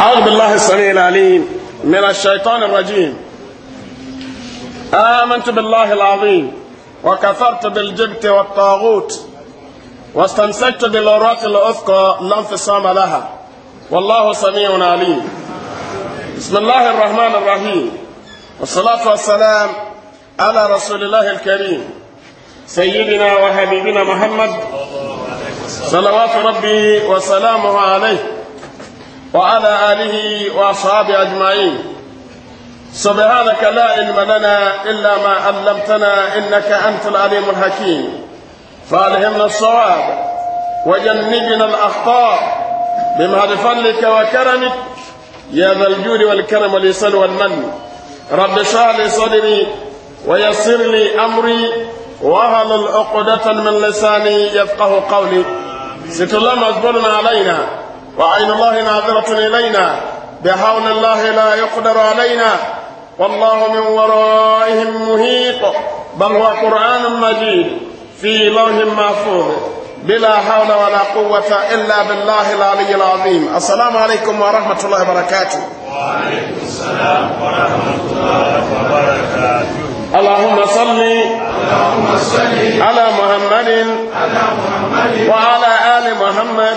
أعوذ بالله السميع العليم من الشيطان الرجيم آمنت بالله العظيم وكفرت بالجبت والطاغوت واستمسكت بالأوراق الأثقى لا انفصام لها والله سميع عليم بسم الله الرحمن الرحيم والصلاة والسلام على رسول الله الكريم سيدنا وحبيبنا محمد صلوات ربي وسلامه عليه وعلى آله وأصحابه أجمعين سبحانك لا علم لنا إلا ما علمتنا إنك أنت العليم الحكيم فألهمنا الصواب وجنبنا الأخطاء بمهد فضلك وكرمك يا ذا الجود والكرم والإحسان والمن رب اشرح لي صدري ويسر لي أمري واهل العقدة من لساني يفقه قولي ست الله مجبور علينا وعين الله ناظرة إلينا بحول الله لا يقدر علينا والله من ورائهم مهيط بل هو قرآن مجيد في لوح محفوظ بلا حول ولا قوة إلا بالله العلي العظيم السلام عليكم ورحمة الله وبركاته وعليكم السلام ورحمة الله وبركاته اللهم صل اللهم صل على محمد على محمد وعلى آل محمد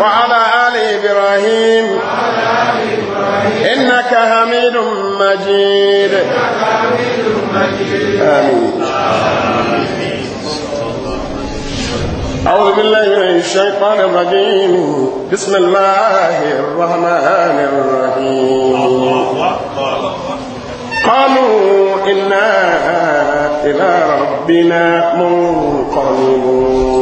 وعلى آل إبراهيم إنك حميد مجيد آمين أعوذ بالله من الشيطان الرجيم بسم الله الرحمن الرحيم قالوا إنا إلى ربنا منقلبون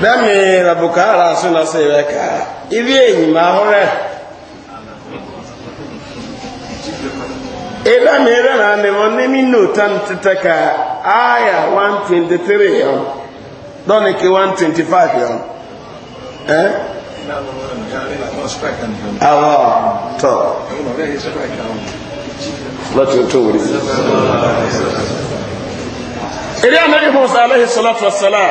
dẹ́mi rabuka ara súná sí rẹ̀ ká ibi èyìn máa hún rẹ̀ ìdámi rẹ̀ náà ni wọ́n ní mí nù tán títẹ́ ká áyà 123 yọ dọ́ni kí 125 yọ ẹ́ àwọ̀ tọ̀ lọ́tún tó wùrí ìdí àmì ìfọ̀sálẹ́ ìsọ́lọ́tọ̀ sálẹ́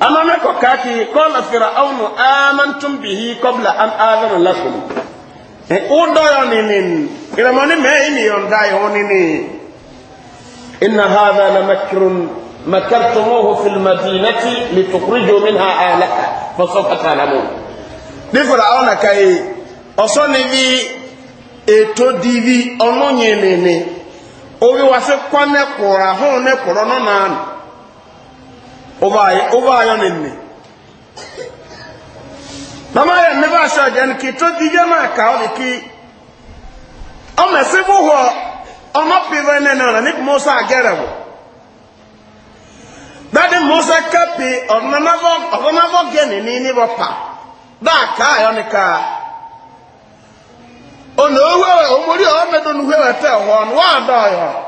amana ko kaati qala firaunu amantum bihi qobla an adana lakum e uɗɗoyoni nin iramoni me imi yondayi onini inna hada la makrun makartumuhu fi lmadinati litukriju minha ahlaka fasofa talamun ɗi firauna kay o soni wi e todiwi onoñenini o wi wasi kone kura hone kuro nonaan ubaayo ninni namaya neba sɔjan kito dijama kawo de ki ɔmɛ na hɔ ɔmɔ pibe ne nana ni musa agɛrɛ wo dadi musa kapi kaa yɔ kaa ɔmori hwɛ wɛtɛ hɔ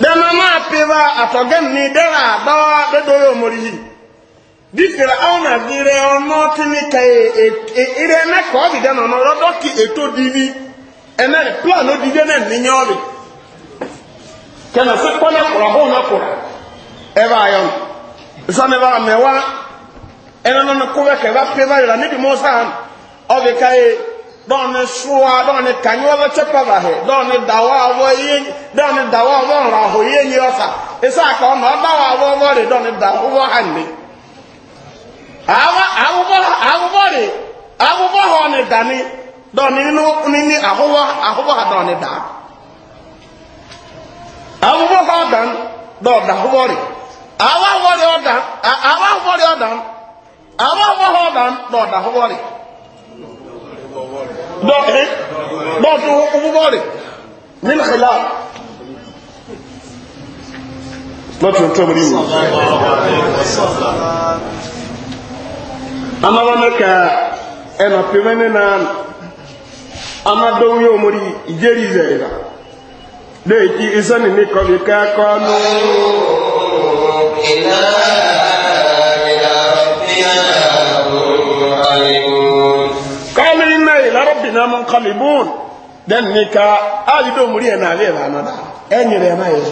dẹ́mà máa pè bá àtọ̀gẹ́m ní dẹ́rà dáwà dẹ́dọ̀rọ̀ òmòrìyí bí fèrè àwọn àbírẹ ọmọ tí ní kẹyẹ eré ẹnẹkọ ọbì dẹ́nà ọmọ rọdọ́ kí ètò dìbí ẹnẹ plan ó dìbí ẹnẹ níyàn ọbì kẹmẹ sí pọ́nà kùrọ̀ bó na kùrọ̀ ẹ bá yọ bá nínú mọ́sán dɔɔni soa dɔɔni kanyɔlɔ tsɛpɛ ba hɛ dɔɔni dawa awɔ ye dɔɔni dawa awɔ ŋlɔ ye nyi ɔsa esa ka ɔna awɔ da awɔ awɔ awɔ hɔ ni dani dɔɔni nu nini awɔ awɔ ha dɔɔni da awɔ hɔ dan da awɔ ɔdan bọ́ọ̀tù ọgbọ́ọ̀rì nílùkìlá lọ́tún tó mú nínú amáwọn mẹ́ka ẹnà pẹ̀mẹ́ nínú amadọ́wọ́ yóò mọ́rí ìjẹ́rì ìzẹ̀rẹ̀ lẹ́ẹ̀kí ìsẹ́nì ní kọ̀ọ̀kọ́ nù ìlànà inna munqalibun den ni ka ali do muri e na le ba na da e enyi re ma ye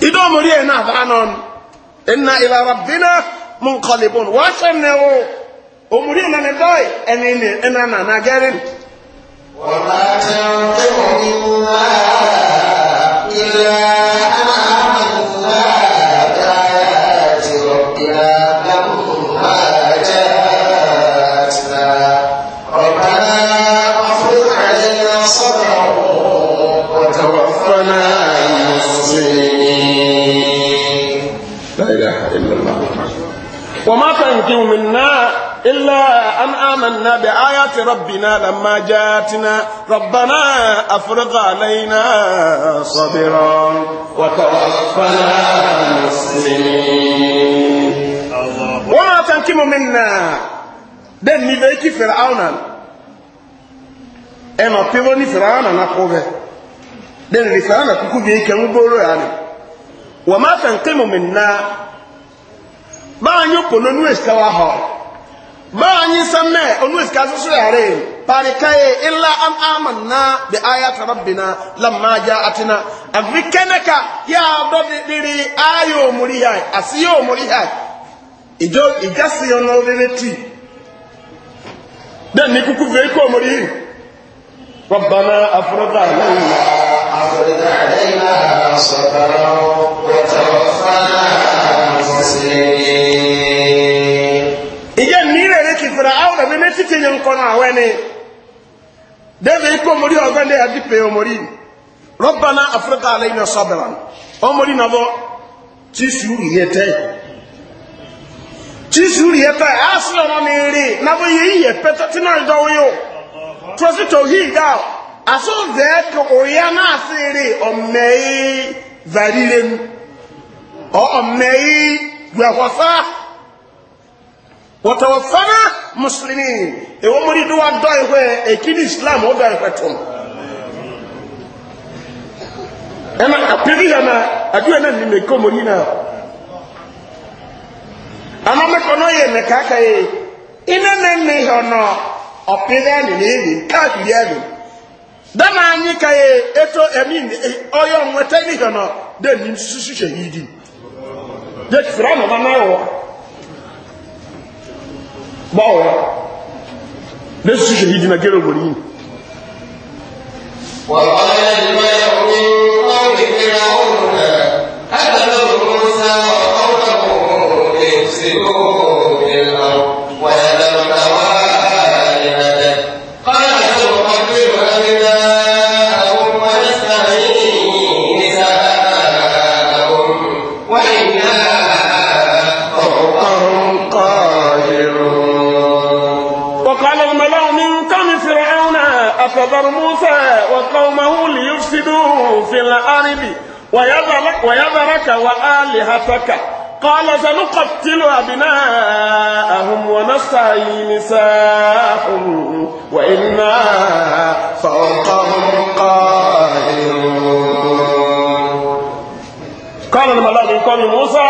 ido muri e na ba non inna ila rabbina munqalibun wa sanahu o muri na ne dai eni ni ena na na gerin wa ma tanqimu illa يرجع منا إلا أن آمنا بآيات ربنا لما جاتنا ربنا أفرغ علينا صبرا وتوفنا مسلمين وما تنكم منا دن نبيك فرعون أما بيوني فرعون نقوه دن فرعون كوكو بيكي مبولو يعني وما تنكم منا báyìí okòlò ní èsìká wa hàn báyìí sẹ́mẹ̀ onú èsìká sísú ẹ̀rẹ́ pàríkáyé ilá amáná bí ayá tàbá bìnà lámájá àtinà àfi kẹ́nẹ́ka yá dọ́ dídírí ayé òmùrí yá àti yá òmùrí yá ìjọ ìjásí ọ̀nà rere tì dẹ́n ní kúkú fèé kó òmùrí yìí rọ̀bàná afúrọ́dà lẹ́yìn afúrọ́dà lẹ́yìn àṣọ̀tàrà wọ́tàwọ́fà náà wọ́n sì rí nye nkọ na aweni deve iko omori ọgọ ndị ya dịpe omori rọbana afrịka ala ime sọbịara omori na bọ chisi uru ihe tee chisi uru ihe tee asịrị ọma na iri na bọ ihe ihe pete tina ndọwụ yo tụọsị asụ zee ka ụya na-asị iri omei varire m ọ omei wọ́tọ̀wọ́fọ́nà mùsùlùmí èwọ́n mú dídú wa dọ́ islam ó dọ́ ìwé tó mọ̀ ẹ̀ma àpèrí yàmà àdúrà náà nìmẹ̀ kó mọ̀ yìnyínà àmọ́ mẹ́kọ̀ náà yẹ mẹ́ka káyé iná nẹ́ẹ̀mẹ́ ihe ọ̀nà ọ̀pẹ̀rẹ̀ ẹ̀ nìyẹn èyí káàkiri ẹ̀ nìyẹn dáná anyi káyé ètò ẹ̀mí ọ̀yọ́ ọ̀nwẹ̀tẹ̀ ihe ọ̀nà dẹ́ẹ̀ni bọ́ọ̀wọ́ lẹ́sùsù ṣèyí dínà gẹ́rẹ̀ wòrí yìí wọ́n bá yẹ́ ìgbẹ́ ọ̀rọ̀ ويذرك وآلهتك قال سنقتل أبناءهم ونستحيي نساءهم وإنا فوقهم قاهرون قال الملائكة يقول موسى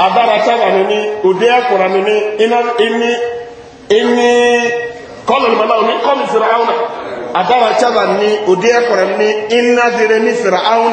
أدار أدرك أنني أديك أنني إني إني قال الملائكة قال فرعون أدار أنني أديك أنني إن نذرني فرعون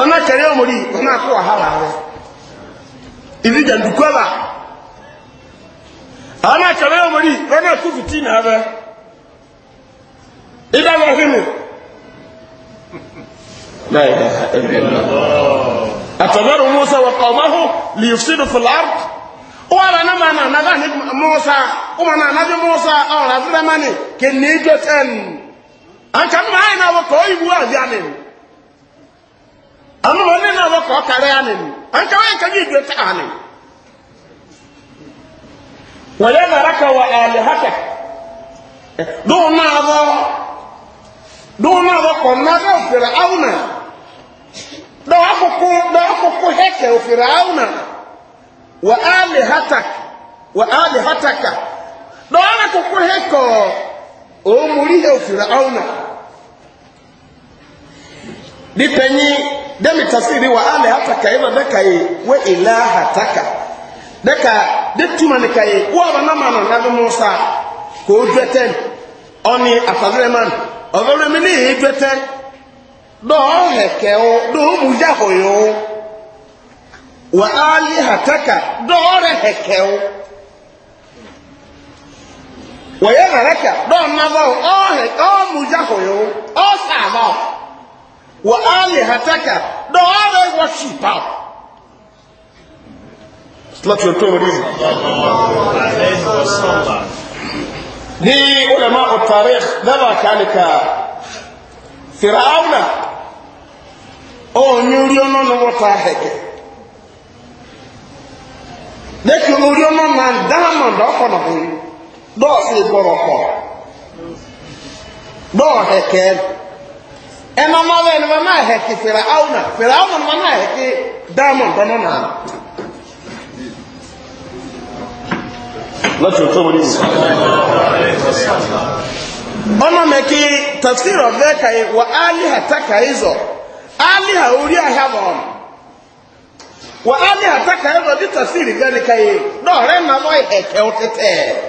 ọ̀nà kẹrẹ ọmọdé ọ̀nà àkọ wàhálà rẹ ìdí jàndùkọ́là ọ̀nà kẹrẹ ọmọdé Na àkọ fìtínà rẹ ìdá lọ hínú àtọ̀bẹ̀rù musa wà kọ̀ọ̀mọ́hù lìfṣídù fìlárd ó wà lánà máa nà nàbà ní musa ó mà nà nàbì musa ọ̀rọ̀ àfẹ́rẹ́mánì kì ní ìjọ tẹ́nu àǹkà máa nà wọ́kọ̀ ó ìwú ama wɔn ne na wɔkɔ ɔtare anim anka wɔn nka yi dwetɛ anim wɔyɛ naraka wɔ alihaka dɔw naa bɔ dɔw naa bɔ kɔnna dɔw fere aw na dɔw akoko dɔw akoko hɛkɛ ofere aw na wɔ alihata wɔ alihataka dɔw akoko hɛkɛ omori hɛ ofere aw na nipanyin. demi tasiri wa ale hataka ina deka ye we ila hataka deka de tuma ne kaye wa ba na mana na musa ko dweten oni afadre man overe mi ni dweten do heke o do mu ja hoyo wa ali hataka do re heke o wa ya haraka do na ba o he o mu ja hoyo o sa ba wa alihataka dɔwɛrɛ wɔsipa silati o tóbi nii ni ulama o taarikh daba kaali ka firaawuna o oh, nyuriyɔnɔ ni wata hɛgɛ ne ti nyuriyɔnɔ na dama dɔ kɔnɔ koyi dɔw fi bɔrɔ kɔ dɔw hɛkɛ ɛma ma bɛ ɛnima ma hɛki fira aw na fira aw na ma na hɛki daamu dɔnɔ na. lọ́tù tó wọlé sí. ọ̀nà mẹ́kì tafsir ọ̀fẹ́ kàyé wà áliha ta kàyé zọ áliha orí àhà bọ̀ ọ̀n. wà áliha ta zọ bí tafsir gani kàyé dọ̀ọ̀rẹ́ nàmọ́ ẹ̀kẹ́ ọ̀tẹ̀tẹ̀.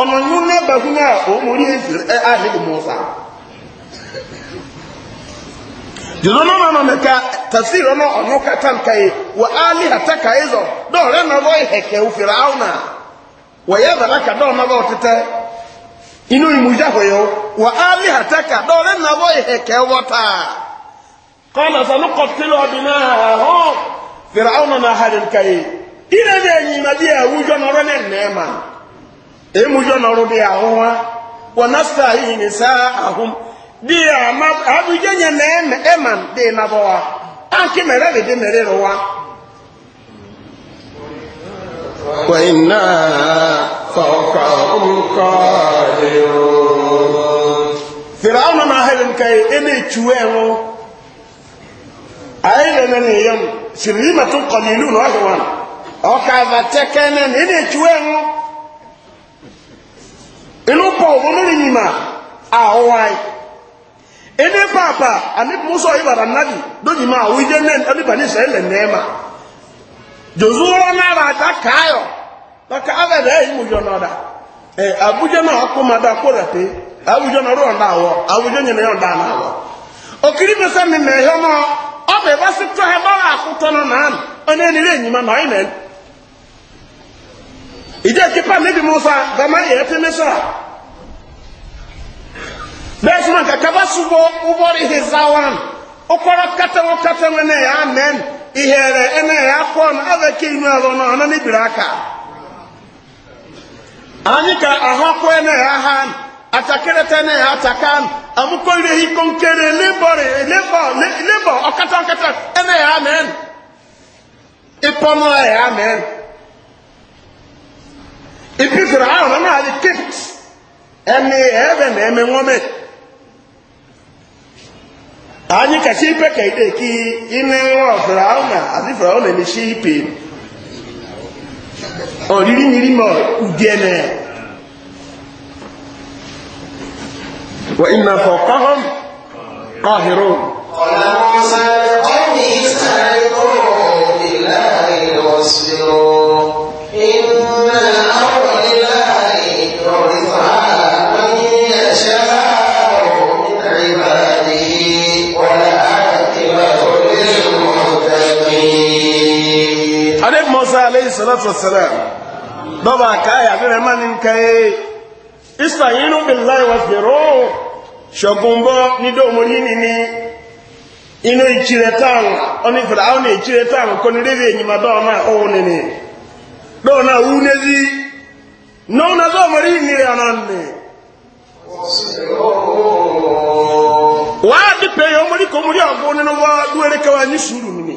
ọ̀nà yún nẹ́bà fún náà òun orí àhìlì mọ́sá jùlọ náà nọ nìka tafsir ọ̀nà ọ̀nà kata nka yìí wà á lè hàtà ka yìí zọ dọ̀ọ̀rẹ́ náà lọ́ ìhẹ̀kẹ́ òfìrà áwọn náà wà yẹ bàrà ka dọ̀ọ̀ náà bọ̀ títẹ́ inú ìmújá hò yó wà á lè hàtà ka dọ̀ọ̀rẹ́ náà lọ́ ìhẹ̀kẹ́ wọ́tà kọ́nà sanu kọ́tìlọ̀ ọ̀dùn náà emujọ nọrọ dị ahụ ha wọnasa ihe n'isa e e ahụ dị ama na eme eman dị nabọ ha nke mere dị mere rụwa وإنا فوقهم قادرون na ما هلم كي إني تشويه أين inú pọ̀ òun ní a àwọ̀wáì inú pàpà ìbàdà náàbì lójìmá àwọn ìdẹ́ náà ẹbíbà ní nẹ́ẹ̀mà jòzú wọn náà àjá káyọ̀ lọ́kà abẹ́rẹ́ yìí mú náà dà ẹ̀ àbújẹ́ náà kó máa kó rẹ̀ pé àbújẹ́ náà rọ̀ àbújẹ́ ìjẹ́ kípa níbi musa bàmá yẹ fi mi a? bẹ́ẹ̀ sọ́nà kàkà bá ṣubọ́ ubọ́rí hizawan ọkọ̀rọ̀ kẹtẹ́wọ́ kẹtẹ́wọ́ náà yà mẹ́n ihe rẹ̀ ẹ̀nà yà kọ́ọ̀nù ẹ̀fẹ̀ ike inú ẹ̀rọ náà ọ̀nà anyị ka ahụkwa ẹ̀ náà yà ha atakịrịta náà ipi ahụ na naa di ebe ɛmi ɛbɛ na ɛmi ka ipe kaide ki ine ŋlɔ firaun na ati na ni ipe ɔriri ma udiɛ nɛ wa ina fɔ kahom kahiro. ọ̀làwọ̀n sáré والسلام بابا كاي عبد الرحمن كاي استعينوا بالله واصبروا شغومبو نيدو موليني ني ino ìkyire tan ɔne firawo na ìkyire tan kɔnere bi enyima dɔɔ na ɔwɔ ne ne dɔɔ na wu ne zi nɔɔ na dɔɔ mɔri yi niri anan ni. waa di pe yi ɔmɔri kɔmɔri agbɔ ne no waa duwere kawa nyi suuru ne ne.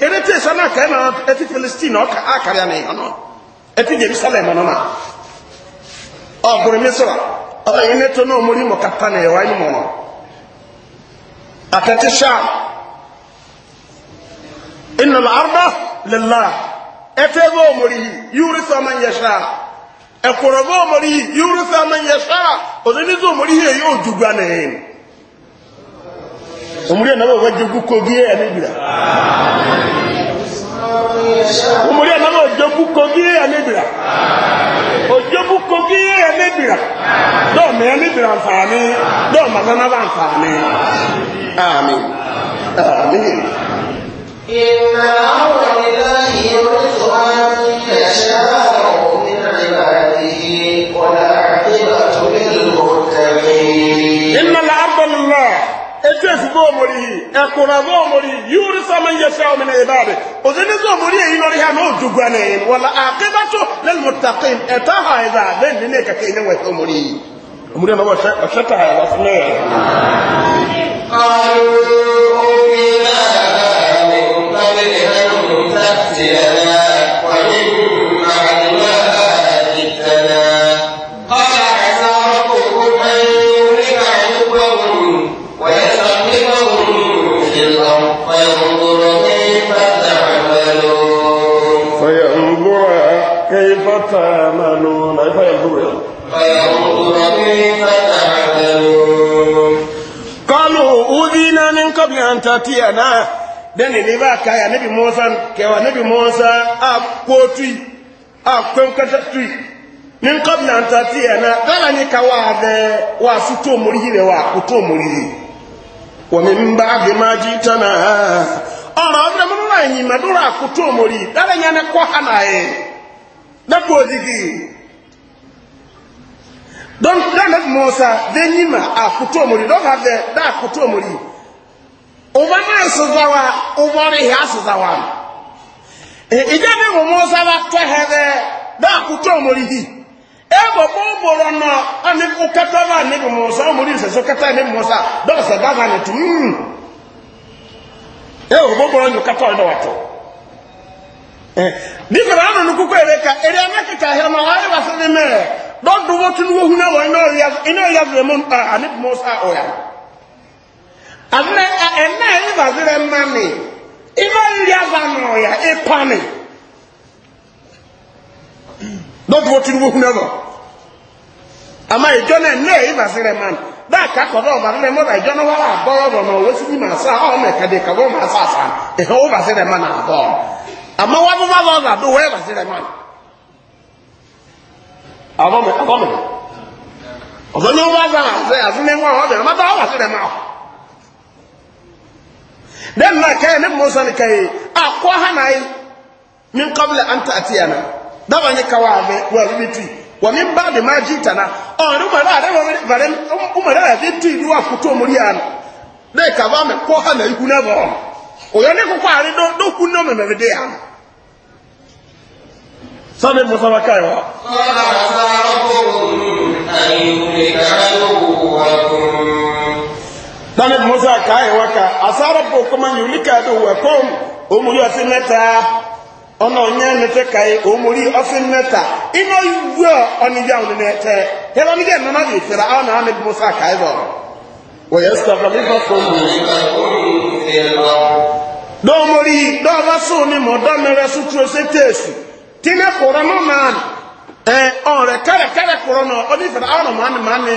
ere te sa na ka na eti Palestine ọka akara na ihe no eti Jerusalem no na ọ gụrụ mi sọ ọ yi ne to na omori mo kata na ewa ni mo no atete sha inna al-arda lillah ete bo omori yurisu man yasha ekoro bo omori yurisu man yasha odeni zo omori he yo jugwa na hin umuriya nabo bajogu kogiye anibira umuriya nabo bajogu kogiye anibira ojogu kogiye anibira dɔɔma anibira nfaani dɔɔma nanaba nfaani amin amin. إن أولى الله رزقا يشاء etuefu bɔ omori yi ɛkura bɔ omori yi yiwuri sama yɛsɛ omina ibaabi ozini sɛ omori yi lori ha n'o dugua ne yin wala akebatu lɛli mutakin ɛta ha ɛza bɛ ni ne kake ne wɛsɛ omori yi omori yɛ n'o bɔ ɔsɛ fún ne tiya na dani ne ba kaya nabi musa kewa nabi musa a kotui a kwenkata tui min qabla an tatiya na dala ni kawa de wa su to murihire wa ku to murihire wa min ba'di ma jitana ọ̀rọ̀ ọ̀dọ̀ mú wà yìí mẹ́dúrà kú tó mọ̀rí dára yẹn ní kọ́ hànà ẹ̀ lẹ́kọ̀ọ́ òjìgì dọ́nà mọ́sá dé yìí mà àkútó mọ̀rí dọ́nà fẹ́ dá àkútó mọ̀rí ụba na-asụzawa ụgbọrọ ihe asụzawa e, ije bụ mụsa na tọhebe na-akwụta omorihi egbogbo ụgboro nọ ọnịkụkọtọba nịbụ mụsa omori iseso kata nịbụ mụsa dọsa mm. egbogbo ụgboro kata watọ e, anụ ere ka ere anakịka ahịa ma ọrịa gbasara dọdụ wotu na ịnọ zụrụ mụsa E, e, e, ama ɛna ɛbazirɛ mmami iba riri ava n'ɔya ipani dɔtɔ wɔ tiri wohun ɛbɔ ama ìjọ náà ɛna ɛbazirɛ mmami dáàkà kɔdɔ ɔbazirɛ mmami ìjọ na wàá bɔrɔ bɔ sigi ma sa ɔmɛ kadi kagbɔ ma sa sa na bɔ ama bɔ bɔ do ɔbɛ dan na kai ne musa ne kai ah, a ko hanai min qabla an ta'tiyana da ban kawa be wa rubiti wa min ba'di ma jitana o ru bara da bare umara da tu ru muriyan ka ba me ko hanai kuna ba o yo ne ko ko ari do do me me de ya sabe musa ba kai wa wa dani musa kaayi waka asara kuma yulika do wa kom omuri ofin nye onye nete kai omuri ofin ino yuwa oni ja oni nete hela ni nana di fira ana ani musa kaayi bo wa do omuri do rasu ni mo se tesu tine kora no eh on re kare kare kora no oni fira ana mani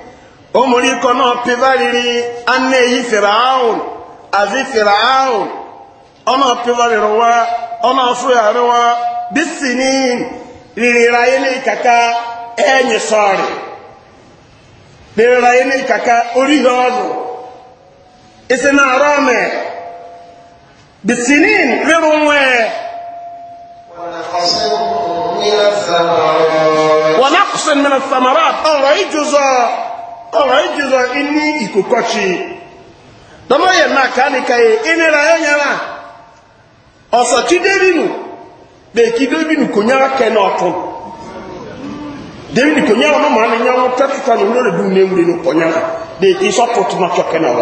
ụmụrịkọ naọpịbarịrị anna-eyi fere ahụ azị fere ahụ ọ naọpịbarịrị nwa ọ na-afụgharị nwa riri anyị n'ịkaka enyi sọrị riri anyị n'ịkaka orihi ọgụ isi na arụ ome bisini riri nwa ya ọ na-akwụsị mmiri samara ọrụ iji ụzọ ọ̀rọ̀ ìjìzọ iní ìkòkọ́chì lọ́mọ́yẹ̀ náà káníkàyè ìnira ẹ̀yẹra ọ̀sọ̀ tí dẹ́bìnù bèèkì dẹ́bìnù kò nyára kẹ́ náà tún dẹ́bìnù kò nyára ọmọ àmì nyára tẹ́tùtà ní olóòrè dùn ní ewúrẹ́ ní ọ̀pọ̀ nyára bèèkì sọ́pọ̀ tó náà kẹ́ náà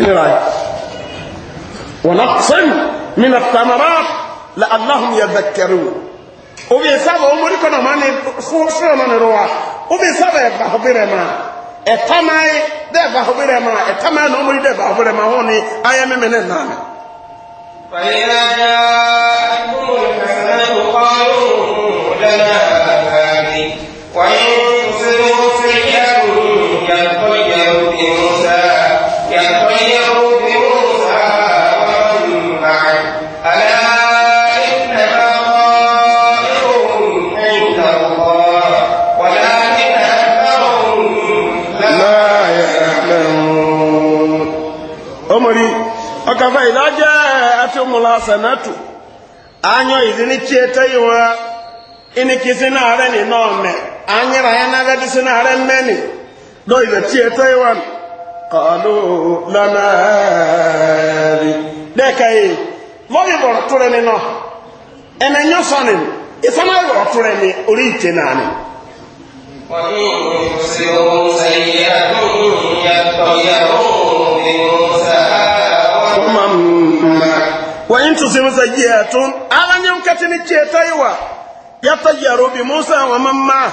ìnira ẹ̀ wọn sẹ́yìn mi nà la aláhùn yẹ bẹ̀ kẹrù òbí sábà ọmọdé kan náà máa fún fún ọ̀nà nìrọ̀ obi nsaba ɛba hɔ bi rɛma ɛtaman dɛ ɛba hɔ bi rɛma ɛtaman na ɔmɔdi dɛ ɛba hɔ bi rɛma hɔ ni ayɛ mímí ne nnan. fàyínà já kúrò kàkàrà ìwọ́rò lẹ́nà àkàrí wàyí kùsìrì kùsìrì yàgò yàgò yàgò ìwọ́n. ọkàfà ìdájẹ́ àfihùnmùlá sẹ̀nẹ́tù anyọ ìdíní tí ẹtẹ́ yìí wá ìníkì sí náà rẹ̀ ní náà mẹ́ anyẹ́rẹ́ ayé náà rẹ̀ sí náà rẹ̀ mẹ́ni lọ ìdẹ̀ tí ẹtẹ́ yìí wá kọ́ọ̀lù lọ́nàárì. dẹ́ka yìí lọ́yì bọ̀rọ̀ tó rẹ̀ nínú ẹ̀nà ẹ̀yọ́ sọ́ni ìfọ́nà bọ̀rọ̀ tó rẹ̀ ní orí ìtẹ̀ náà ni. wọ́n yóò ṣe ohun ṣe yẹ قوما وإن تصب سيئة ألن ينكتن الشيطيوة يطير بموسى ومن معه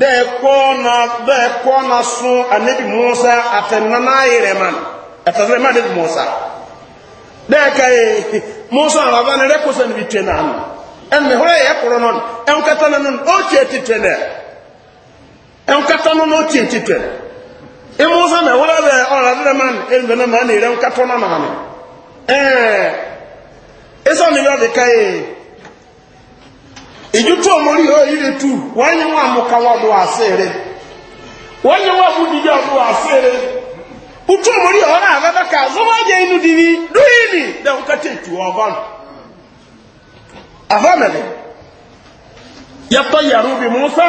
bẹ́ẹ̀ kọ́ na bẹ́ẹ̀ kọ́ na sun anabi musa àtẹnana yẹrẹ man ẹ̀tẹ̀sẹ̀ anabi musa bẹ́ẹ̀ ka ye musa àlàbà ni rẹ́kọ̀sẹ̀ níbi tẹ̀ náà nù ẹnì hóró yẹ kúrò nọ ẹnkẹtẹ nínú ó tiẹ̀ ti tẹ̀ nẹ ẹnkẹtẹ nínú ó tiẹ̀ imusa na wura bɛ ɔradira man ɛnbɛ na maa na nkatɔ na maa ka ye ìdútú omori yóò ya de tu wọn amuka wọn aseere wọn yẹ didi aseere utu omori yóò rà abẹ́bẹ́ ká zọwọ́ ni dẹ́ wọn kẹtẹ musa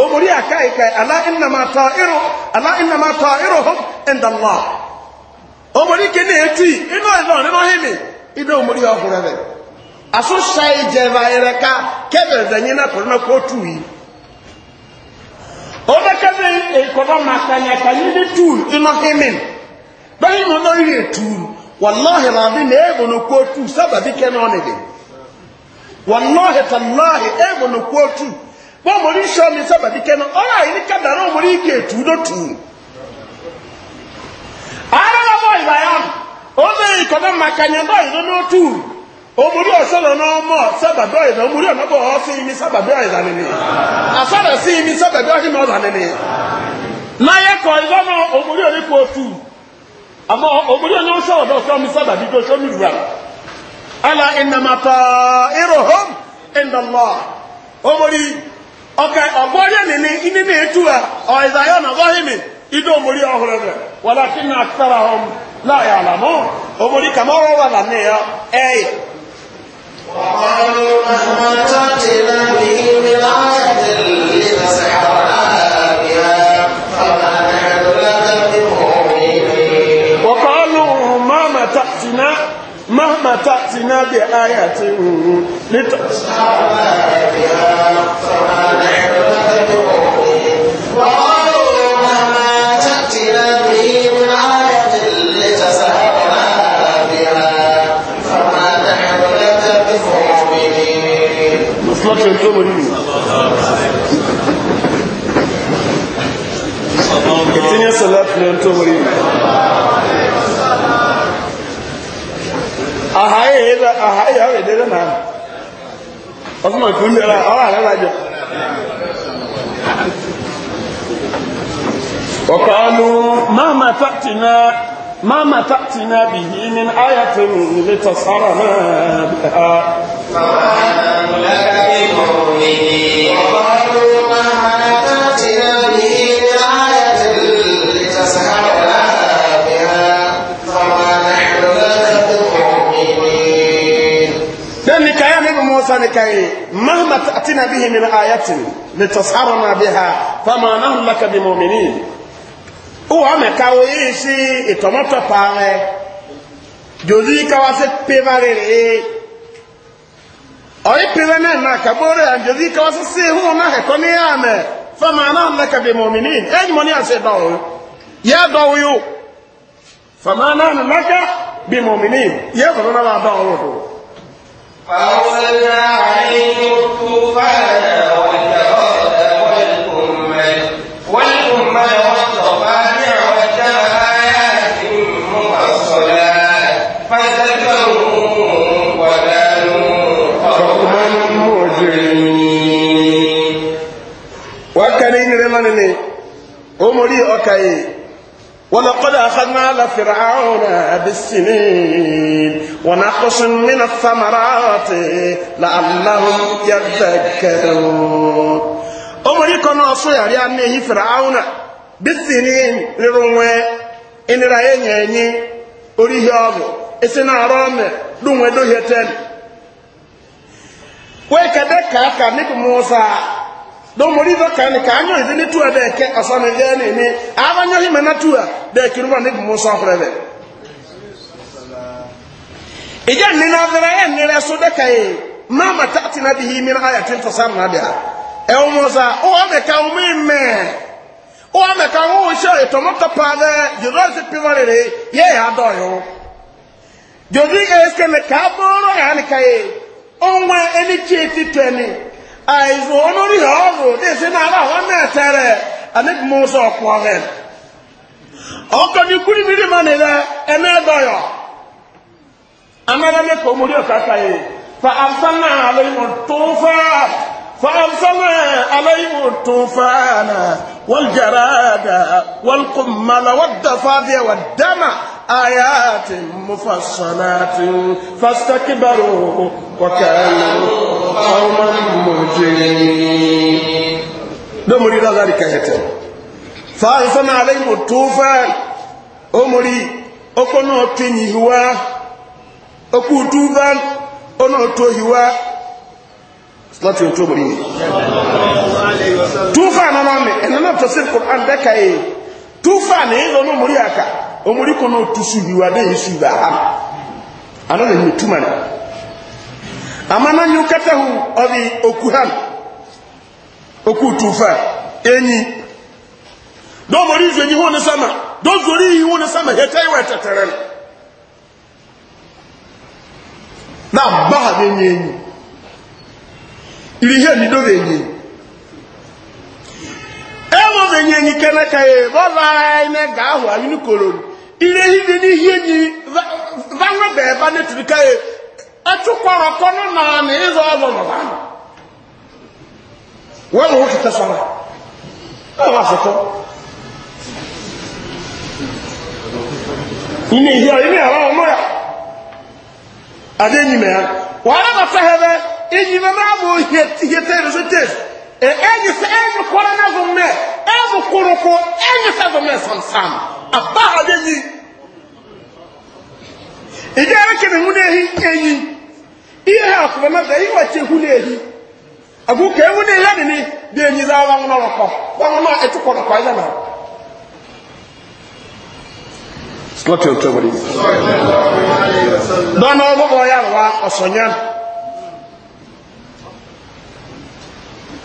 omori akai kai ala inna ma ta'iru ala inna ma ta'iruhum inda Allah omori kini eti ino ino nino himi ino omori ohore be aso sai jeva ireka kebe zanyi na korona ko tuyi oda kabe e kodo makanya kanyi de tu ino himi bayi no no ire tu wallahi rabbi ne ebo no ko tu sababi kenone be wallahi tallahi ebo no ko tu wọ́n mọ̀ ní sọ́ọ̀mì sábàbí kẹ́nà ọ̀rọ̀ àyíní kẹ́dàrà ọmọ ní ike ètù ààrẹ ọmọ ìgbà yà ó lé ìkọ̀dọ̀ màkànyẹ̀dọ̀ ìlú lótù omori ọ̀sọ̀rọ̀ náà mọ̀ sábàbí ọ̀yẹ̀dọ̀ omori ọ̀nàbọ̀ ọ̀sìn mi sábàbí ọ̀yẹ̀dà nìní àsọ̀rọ̀ sí mi sábàbí ọ̀yẹ̀dà ọ̀dà nìní. láyé kọ ìlọ́nà omori òní kò tù àmọ́ omori náà ọka ọgbọ́nyẹ nìní iní ní etu a ya nà ya idó omori ọ̀húrẹ́ rẹ̀ wọ́lá kí ní akitara hàn láàyè àlámọ́ omori ọrụ ọrụ wà lànà eyi. مهما تأتنا بآية لتسحر lọ́tẹ̀ tó wọ́n nínú ìtìyẹ́ sọ́lá fún ẹ̀ tó wọ́n nínú ahaye ebe ahaye awo edere na ano ọsùnmọ̀ kò ní ọ̀rọ̀ ọ̀rọ̀ àrẹ bàjẹ́ ọ̀kọ̀ọ̀lù máàmà tàtìnà máàmà tàtìnà bì í ní ayàtò nílé tọ̀sára náà كاي مهما تأتنا به من آية لتسحرنا بها فما نحن لك بمؤمنين ó wà mẹ́ka o yìí sí ìtọ́mọ́tọ́ pa rẹ̀ jòzí káwá sí pépà rẹ̀ rẹ̀ ọ̀yí pépà náà náà kàbórè à jòzí káwá sí sí ihun náà ẹ̀kọ́ naka yà mẹ́ fẹ́mi àná lẹ́ka bí mọ̀mí فأرسلنا عليهم الطوفان والجراد والكمل والكمل والضفادع والدم آيات مفصلات فذكروا وكانوا قوما مجرمين وكان إن رمانني أمري أكاي ولقد أخذنا على فرعون بالسنين ونقص من الثمرات لعلهم يذكرون أمري كنا أصير يعني فرعون بالسنين لرموه إن رأيني يعني أريه أبو إسنا رامي لرموه دوهتن وكذا كاكا نك موسى domori zaka ni ka anyo hizini tuwa beke asana gani ni ava anyo hime na tuwa beke ruwa ni musa kurebe ija nina zira ya nire so deka ye mama tati na bihi min ayatin fasar na biya e o musa o ame ka o mime o ame ka o ushe e tomoto pade jirosi pivarere ye ya doyo jodi eske ne kaboro ya ni ka ye onwa eni cheti tweni àìsàn olórí ọ̀rọ̀ ní ìsinmi ara àwọn mẹ́ẹ̀tẹ́ rẹ̀ àníbi mo sọ ọ̀pọ̀ rẹ̀ ọkọ̀ ní kúrì nídìí máa nílẹ̀ ẹ̀mí ẹ̀dọ̀yọ̀ amẹ́rẹ́ mẹ́kọ̀ mórí ọ̀kàkà yìí fa àfẹ́nà àlẹ́yìnbó tó ń fẹ́ fa àfẹ́nà àlẹ́yìnbó tó ń fẹ́ àná wọ́n jẹ̀rẹ̀ àdá wọ́n kò mọ̀lá wọ́n dàfà bí ẹ̀wà dẹ́mà ayáàtì mufasanaati fasitakibaru wọ́kẹ́lẹ́. قوما مجرمين دمري لا ذلك يتم فاعفنا عليهم الطوفان أمري أكون أتيني هو أكون طوفان أنا أتوه هو صلاة يوم طوفان أنا أمي أنا أنا تفسير القرآن ده كاي طوفان إيه أنا أمري أكا أمري كنا تسوي وده يسوي بها أنا لم يتمنى amana nyukatahu ọdị okuhan oku ha oku tufa enyi dọmọrị izu enyi hụ ne sama dọzọrị iyi hụ ne sama heta iwe tetere na baha n'enyi enyi iri ihe nido bụ enyi ẹwọ bụ enyi enyi kẹlẹkẹ yẹ bọba ẹnẹ gaa ahụ anyị n'ukoro ire ihe n'ihe enyi va vanwa bụ ebe a n'etiri ka yẹ ɛtukɔrɔ kɔnɔ naani ɛzɔ ɔbɔ baba wɛrɛ o kita sɔrɔ ɛ wa sɔtɔ ine yi a ine yàrá ɔmɔ yà adé nyimɛ yà wàhálà bá fɛ hɛ bɛ enyimɛ náà bò yẹ yẹ tẹ ẹ lọsọ tẹ ẹ ɛnyi sɛ ɛnyi kɔrɔ náà zɔn mɛ ɛnyi koroko ɛnyi sɛ zɔn mɛ sansan abá adé nyi ìdí ɛrɛ kìnnìún náà yẹ ɛnyi. ihe ha asụrụ mmadụ ihe wachi ehu na-ehi agụ ka ewu na dị dị enyi za na ya na slọtị otu ya rụwa ọsọnya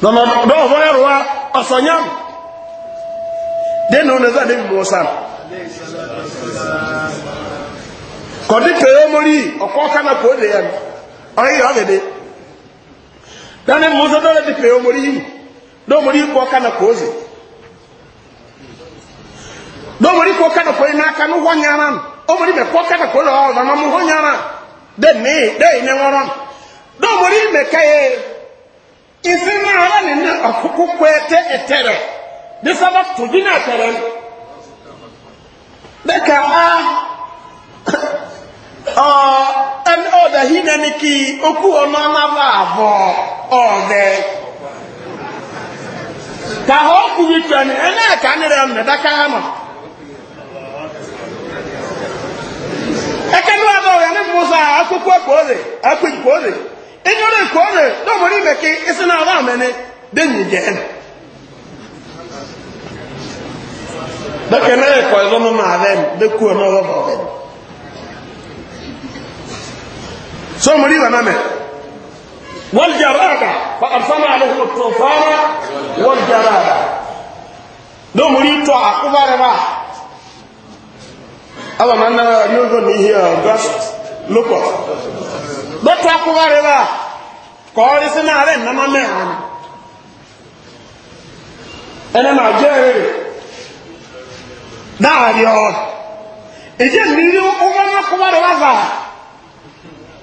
dọna ọgbọgbọ ya na ụlọ ya omori ọkwa ọka na dị ya ọ̀rẹ́ yìí ọ̀rẹ́ dị? dani musa dọ́lẹ̀ ti pè ọmọdé yìí dọ́mọdé yìí n'aka ní hɔ nyara ọmọdé mẹ kọ́ na kó lọ́wọ́ ọ̀nà mu hɔ nyara dẹ mi dẹ yìí ní wọ́rọ́ dọ́mọdé yìí mẹ kẹ́yẹ ìsìn náà ọ̀rẹ́ ọ̀dà hínà ní kí okú ọmọ amábà àbọ̀ ọ̀dẹ̀ tàhọ́ ọkùnrin tó ẹni ẹni ẹ̀ka nílẹ̀ ọ̀nà dáká mọ̀ ẹkẹ́ ní wàá bọ̀ ọ̀yà ní musa akókó ẹ̀kọ́ọ̀rẹ̀ akókóọ̀rẹ̀ ìnyọ́rẹ̀ ẹ̀kọ́ọ̀rẹ̀ lọ́mọdé mẹ́kẹ́ ìsinmi ọ̀rọ̀ àmẹ́ni dẹ́yìn jẹ́ ẹni. bẹ́ẹ̀ náà ẹ̀kọ́ ẹ̀rọ mọ́ ààrẹ mi bẹ́ẹ̀ kú ọ̀nà so muri wa nane wal jarada fa arsalna alaihim at-tufana wal jarada do muri to akubare eh, ba awa manna uh, yogo ni here gas look up do to akubare eh, ba ko ri sina re eh, na ma me han ene ma jere da yo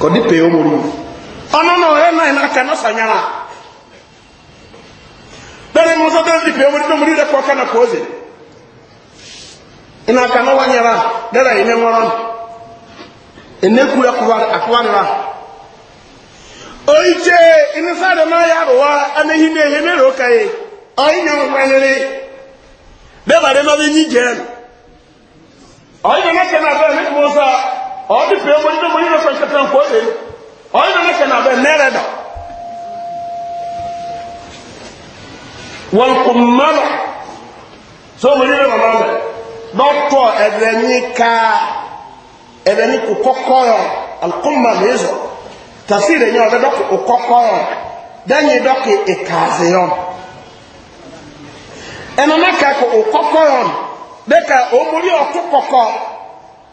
kɔdi pe o mori ɔno na ɔyɛ nasa nyara kana sanyara bɛrɛ mu sɔtɔ ndi pe na kɔɔze ina kana wa nyara dɛrɛ yi ne ŋɔrɔ akuwa akuwa nira oyi tse inisa de ma ya do wa yi ne ye ka ye ɔyi kpɛnyere bɛɛ ba de ma na ɔdi pe mo nyina mo nyina fɛn kɛtɛ nkɔ de ɔyina ne kɛ n'abɛ nɛrɛ da wɔn ko mmala so mo nyina mama mɛ dɔtɔ ɛdɛni kaa ɛdɛni ko kɔkɔyɔ alikoma leezɔ tasi de nyɛ ɔbɛ dɔki ko kɔkɔyɔ dɛni dɔki ikaazeyɔ ɛnana ka ko kɔkɔyɔ de ka omoli ɔtu kɔkɔ.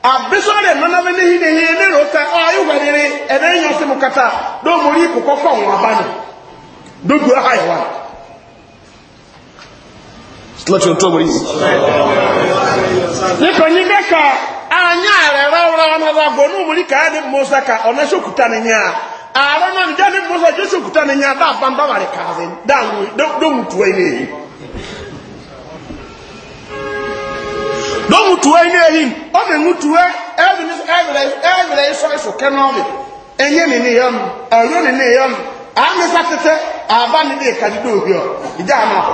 abisɔre nanabe ne hin ne hin ne rota a yi wɛrɛrɛ ɛdɛ yɛn se mu do mori aba do aha yɛ wa. silɛtɔn tó mori. nípa nyi ka a n'u mori k'a ni ka ɔna ni nya na ni jɛ ni musa nya da don mutuwe ine n'eyi o me mutuwe ɛvili ɛvili esɔriso kɛnɔmi enye ni ne yɔnu ɛyɔ ni ne yɔnu amisa tete ava ni de kadi obi o idza ama kɔ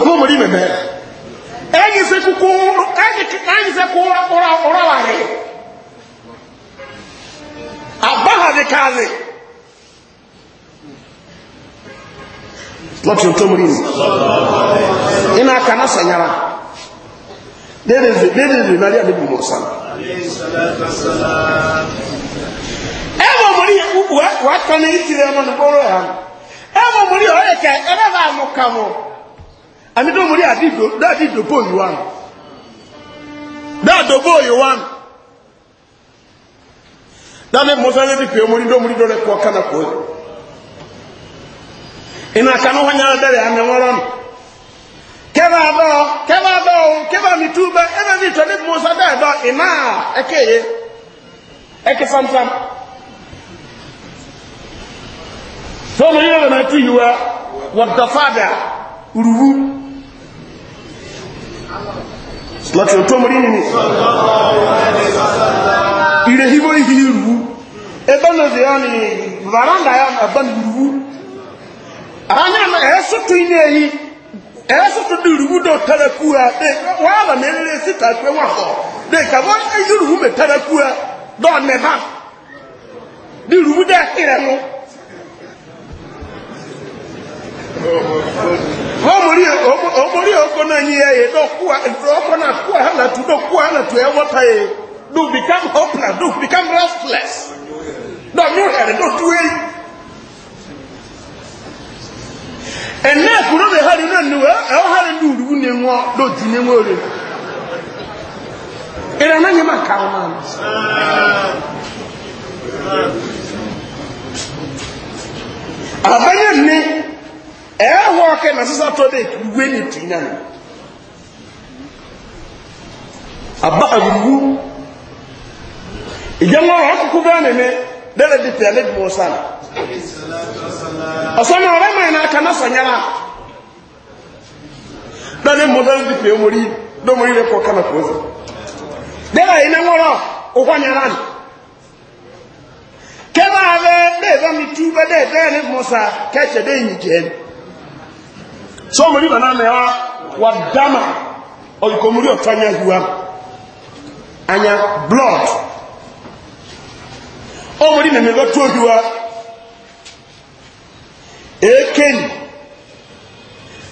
ɔmɔ mori mɛmɛ ɛyi se kuku ɛyi ɛyi se ku ɔra lọ́tí tó múrí ní iná aka náà sanyara dédé rè náà yàrá ibi mọ̀sán ẹ wọ múrí wàá kọ́ ní ìtìrẹ ọmọ nìkọ́rọ̀ ẹ̀ hàn ẹ wọ múrí ọ̀rẹ́ kẹ ẹ bẹ́ẹ̀ bá mú ka mọ́ àmì tó múrí dáàdì ìdòbó yìí wà dáàdì ìdòbó yìí wà dáàdì mọ́sán lẹ́bi pé múrí dó múrí dó kọ́ kánà kó yìí ina kana wanyana dare ame woron keba do keba do keba mitube ebe ni tole musa da do ina eke eke santam so mo yele na tu yuwa wa dafada uruhu lati oto mo ni ni ire hibo hiru ebe no ze varanda ya ban uruhu ahanyana ɛsoto yi n'eyi ɛsoto di rubu do tarakua de wala na erere si tarakua wa hɔ de kaba eyi rubu me tarakua do ne ba di rubu de erɛ no omori omori na nyi ya do kuwa do oko na kuwa hana tu do ha hana tu ɛwɔ ta ye do become hopeless do become restless do do ẹ̀nà ẹ̀kùnrin lè hàrí náà nù ẹ̀họ́ hàrí ní ìrùwú ní wọn lójú ní wọn rẹ̀ ìrẹ̀ náà yẹn máa ká wọn máa àbẹ́yẹ ní ẹ̀họ́ ọkẹ́ na sísá tó dé ìwé ní náà àbá ọ̀sánà ọ̀rẹ́ mẹ́rin aka náà sọ̀nyára dani mo di pe omori domori rẹ kọ kama kò sí dẹ́rẹ́ yìí náà wọ́rọ̀ nyara ni kẹ́lá abẹ́ bẹ́ẹ̀ bá mi tú bẹ́ẹ̀ bẹ́ẹ̀ ni musa kẹ́kẹ́ yìí jẹ́ bàná wà anya blood tó ekeni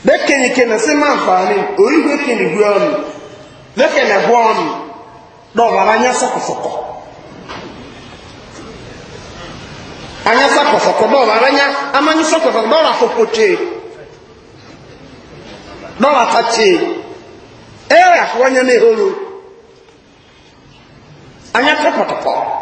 bekeni kene se ma nfaani ori ho keni gu ɔnu bekeni ho ɔnu dɔbara anya sɔkɔsɔkɔ anya sɔkɔsɔkɔ dɔbara anya amanyi sɔkɔsɔkɔ dɔbara afɔkotee dɔbara tatsee ɛyɛ ahoanya na ehoro anya tɔpɔtɔpɔ.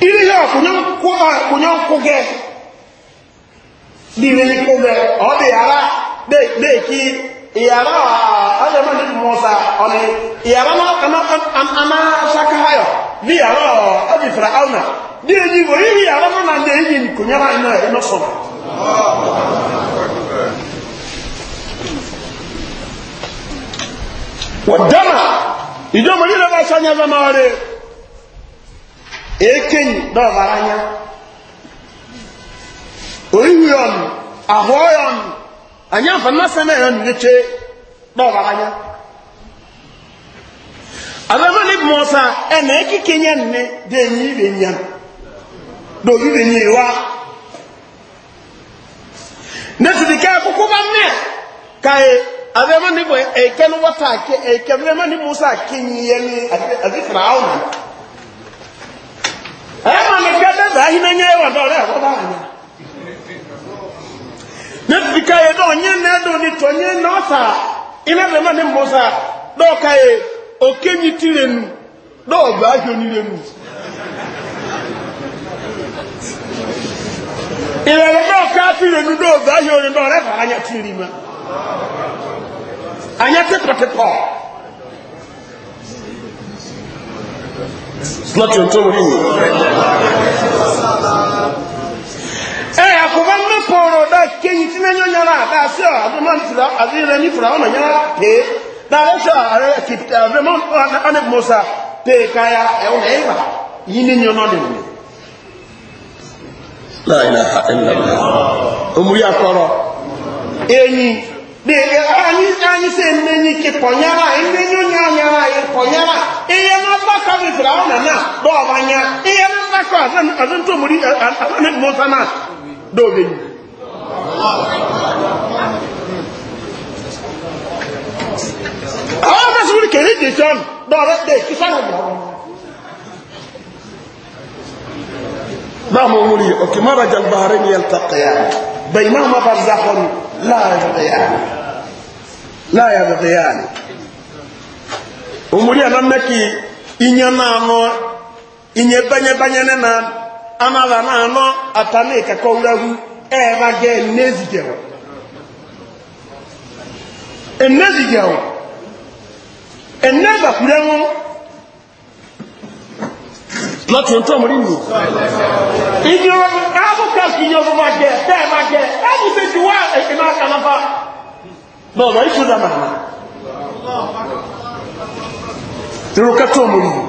ilé yà kùnyánkúgẹ́ lílé kúgẹ́ ọdí yàrá déèkí ìyàrá ọjọ́mọ́ ní mọ́sá ọ̀nà ìyàrá amáṣakáyọ̀ bí yàrá ọdí fìrà áwùnà bí èyí wò yí yàrá náà lè yí kùnyára iná iná sọ̀rọ̀ wọ̀dánà ìjọ́mọ̀ nílẹ̀ bá sányẹ́ bá máa rẹ̀ ekenyi dɔbara nya oyiwu yɔn ahɔ yɔn anyanfa nasana yɔn nyekye dɔbara nya abɛma ne mɔsa na e ekeke nya nne dị enyi be nya de obi be nyi wa ne tuti ka akoko ba mɛ kae abɛma ne bɔ e ekele wɔta eke ekele bụ ne mɔsa akenyi yɛ ne afi fira ɛyɛ ma mi ka dɛ zaa hinɛ nyɛ yɛ wa dɔ ɔlɛ ne do ni tɔ nyɛ nɔ sa ina lɛ ma ne mɔ sa dɔw ka yɛ o ke nyi ti le nu dɔw ba yɔ ni le nu ìrẹ̀lẹ̀ náà káàkiri ẹnu náà bá yọ ní náà rẹ̀ fà á yẹ tìrì ma. àyẹ̀tẹ̀ pọ̀tẹ̀pọ̀. slọ́tí ohun tó mú rí ni ẹ̀ àkùbá ń dá kéyìn tí mẹ́yàn yára dá sí ọ̀ àdúrà ní fúra ọ̀nà yára pé dáwọ́ sọ ààrẹ kìtà rẹmọ́ anẹ́bù mọ́sá pé káyà ẹ̀wọ̀n ẹ̀yìnbà yìí ní yọ̀nà nìyí láìláha ẹ̀lẹ́lẹ́ òmùrí àkọ́rọ̀ ẹ̀yìn de anyi anyi se mmeni ke kɔnyara mmeni onyanyara ye kɔnyara eye na baka mi fira ɔna na dɔw ba nya eye na baka asan asan tó mori asan ne musa na dɔw bɛ yi. àwọn bá sọ wuli kèrè de sɔn dɔw bɛ de kisa na bɔ. báwo wuli o kì í má ba jalibaare ni yɛlɛ ta kɛyà bɛyìí má ma ba zakɔni. لا يبغيان لا يبغيان umuri anameki inye naano inye banye banye ne na anala naano atane kakɔ wurahu ɛɛba gɛ nezi gɛwɔ enezi gɛwɔ eneza kura ŋo lọ́tí tó mú rí nù. ìdúró ní káàbù káàkiri ní ọmọ máa jẹ bẹ́ẹ̀ máa jẹ ẹ̀bù sí ti wá èké máa kà lọ́fà. lọ́ọ̀rọ̀ ìṣó dà màmá. irú ká tó mú rí nù.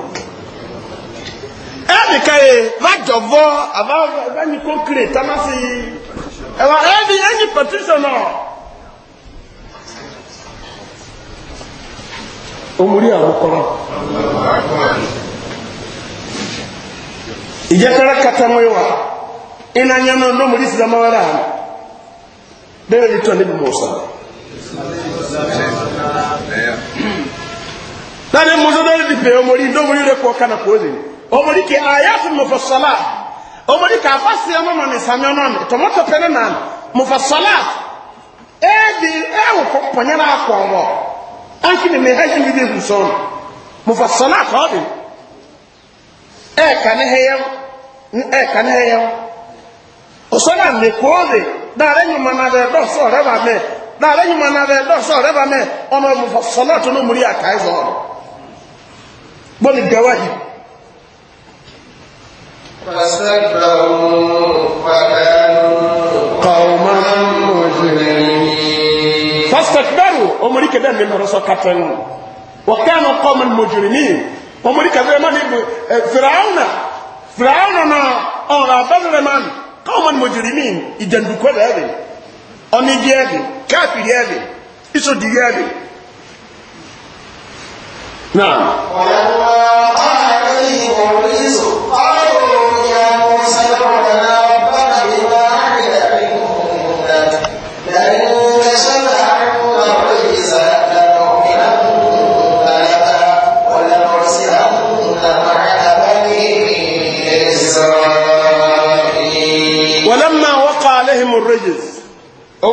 ẹ̀ẹ́dì káyé lájọ̀vọ́ àbá ẹ̀yìn kókìrì táná sí i. ẹ̀wà ẹ̀ẹ́dì ẹ̀yìn pẹ̀tíṣọ̀ náà. omori àwọn kọ́ra ìjẹ́tẹ́rẹ́ katamẹ́wà iná yánà lómìrí sí lọ́mọ́ rà bẹ́ẹ̀ ní tọ́ níbi mọ̀ọ́sá láti mọ̀ọ́sá lórí ti bẹ̀rẹ̀ ọmọrí lómìrí rẹ̀ kọ́ kánà kó lè ọmọrí kí àyàfi mọ̀fọ̀sọ́lá ọmọrí kí àfàsí ọmọ nà ní sàmì ọmọ nà tọmọtọ pẹ̀lú nà mọ̀fọ̀sọ́lá ẹ̀ẹ́dì ẹ̀wọ̀ pọ̀nyẹ́rẹ́ akọ̀ ọ̀rọ̀ anki mi dé gùn sọ́ọ̀nù mọ̀fọ̀sọ́lá kọ́ ẹ na ẹ yẹn òsọlá nìkóòlè dáadé nyuma náà na dọ́sọ̀ rẹ na mẹ dáadé nyuma náà bẹ dọ́sọ̀ rẹ bá mẹ ọmọ ìbùfọ̀ sọlá tó ló múri àkàí zọ gbọ́n ní gẹ̀wá fìlàánà náà ọ̀rọ̀ àbẹ́rẹ̀ máa nì káwọn mọ̀jìrì mí ìjẹ̀ndùkọ́ rẹ̀ rẹ̀ ọ̀nìjì ẹ̀rẹ̀ káàkiri ẹ̀rẹ̀ ìṣòdì ẹ̀rẹ̀ náà. ọ̀rọ̀ wa ọ̀rọ̀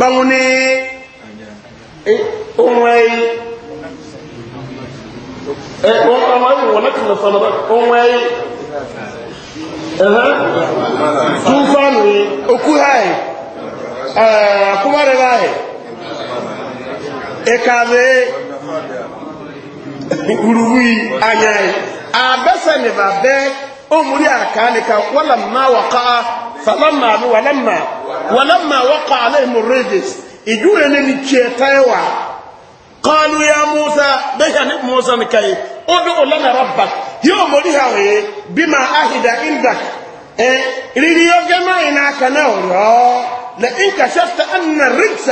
báwọn ní ohun ẹ̀yí wọ́n kọ́ máa yìí wọ́n láti lọ sọ́nà bá ohun ẹ̀yí tún fánù okú háì àkúmọ̀rẹ̀ láì ìkàwé ìrùwí àyàì àbẹ́sẹ̀ nìbàbẹ́ ó múrí ولما وقع عليهم الرجس يجوا نني تشيتايوا قالوا يا موسى بيان موسى نكاي ادعوا لنا ربك يوم ليها بما عهد عندك إيه ريريو جماعنا كناورو لئن كشفت ان الرجس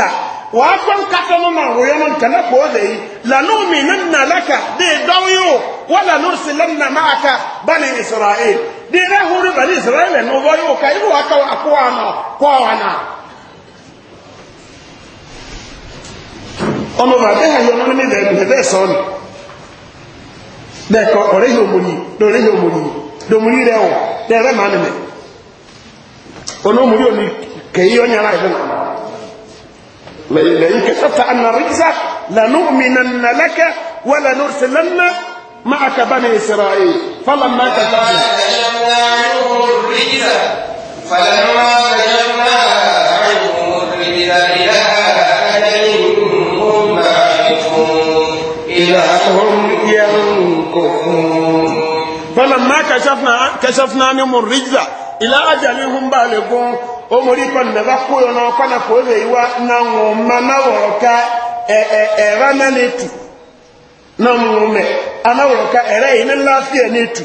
وأكون كتم معه يوما كان كوذي لنؤمنن لك دي دويو ولا نرسلن معك بني إسرائيل di ne huri bani israeli no bɔ yio ka ibu aka ako ano kɔ ana ɔno ba bɛ ha yɛ ɔno ne bɛ bɛ bɛ sɔɔ ni bɛ kɔ ɔre yɛ omoni na ɔre yɛ omoni na omoni rɛ o na ɛrɛ maa ne ɔno omoni oni kɛyi ɔnyala ɛfɛ na lɛyi kɛtɛ ta anarikisa lanu minanna lɛkɛ wala nursilanna ma'aka bani israeli falamma katabu kẹsẹfúnà ni mo rìjà ilé ajali ń bá lè gún ó mo rí kọ́ nàbà kóyọ̀ náà kọ́nà kó lè wá náà wọn ma náà wọ̀rọ̀ ká ẹ̀rá náà lè tù náà wọn mẹ́ anáwọ̀rọ̀ ká ẹ̀rá yìí ní láfíà lè tù.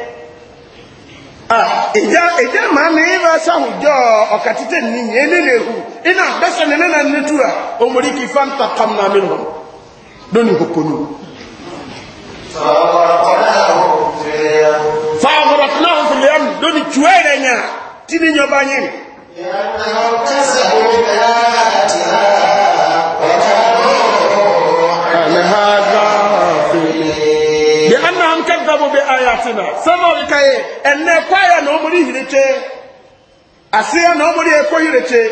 Ah, ìjá màá ní ìrọ̀ sáhùjọ́ ọ̀kà títẹ̀ ní eléle hù iná bẹ́sẹ̀ na nínà na omori kì fanta kam náà mìíràn lónìí kòkòrò. fàwọ̀rọ̀ náà na fìlẹ̀ ọ̀nù ya tù ẹ̀ rẹ̀ yàn tí ní yọba kazzabu bi ayatina sama kaye enne kwaya na omuri asị ya na omuri ekoyirece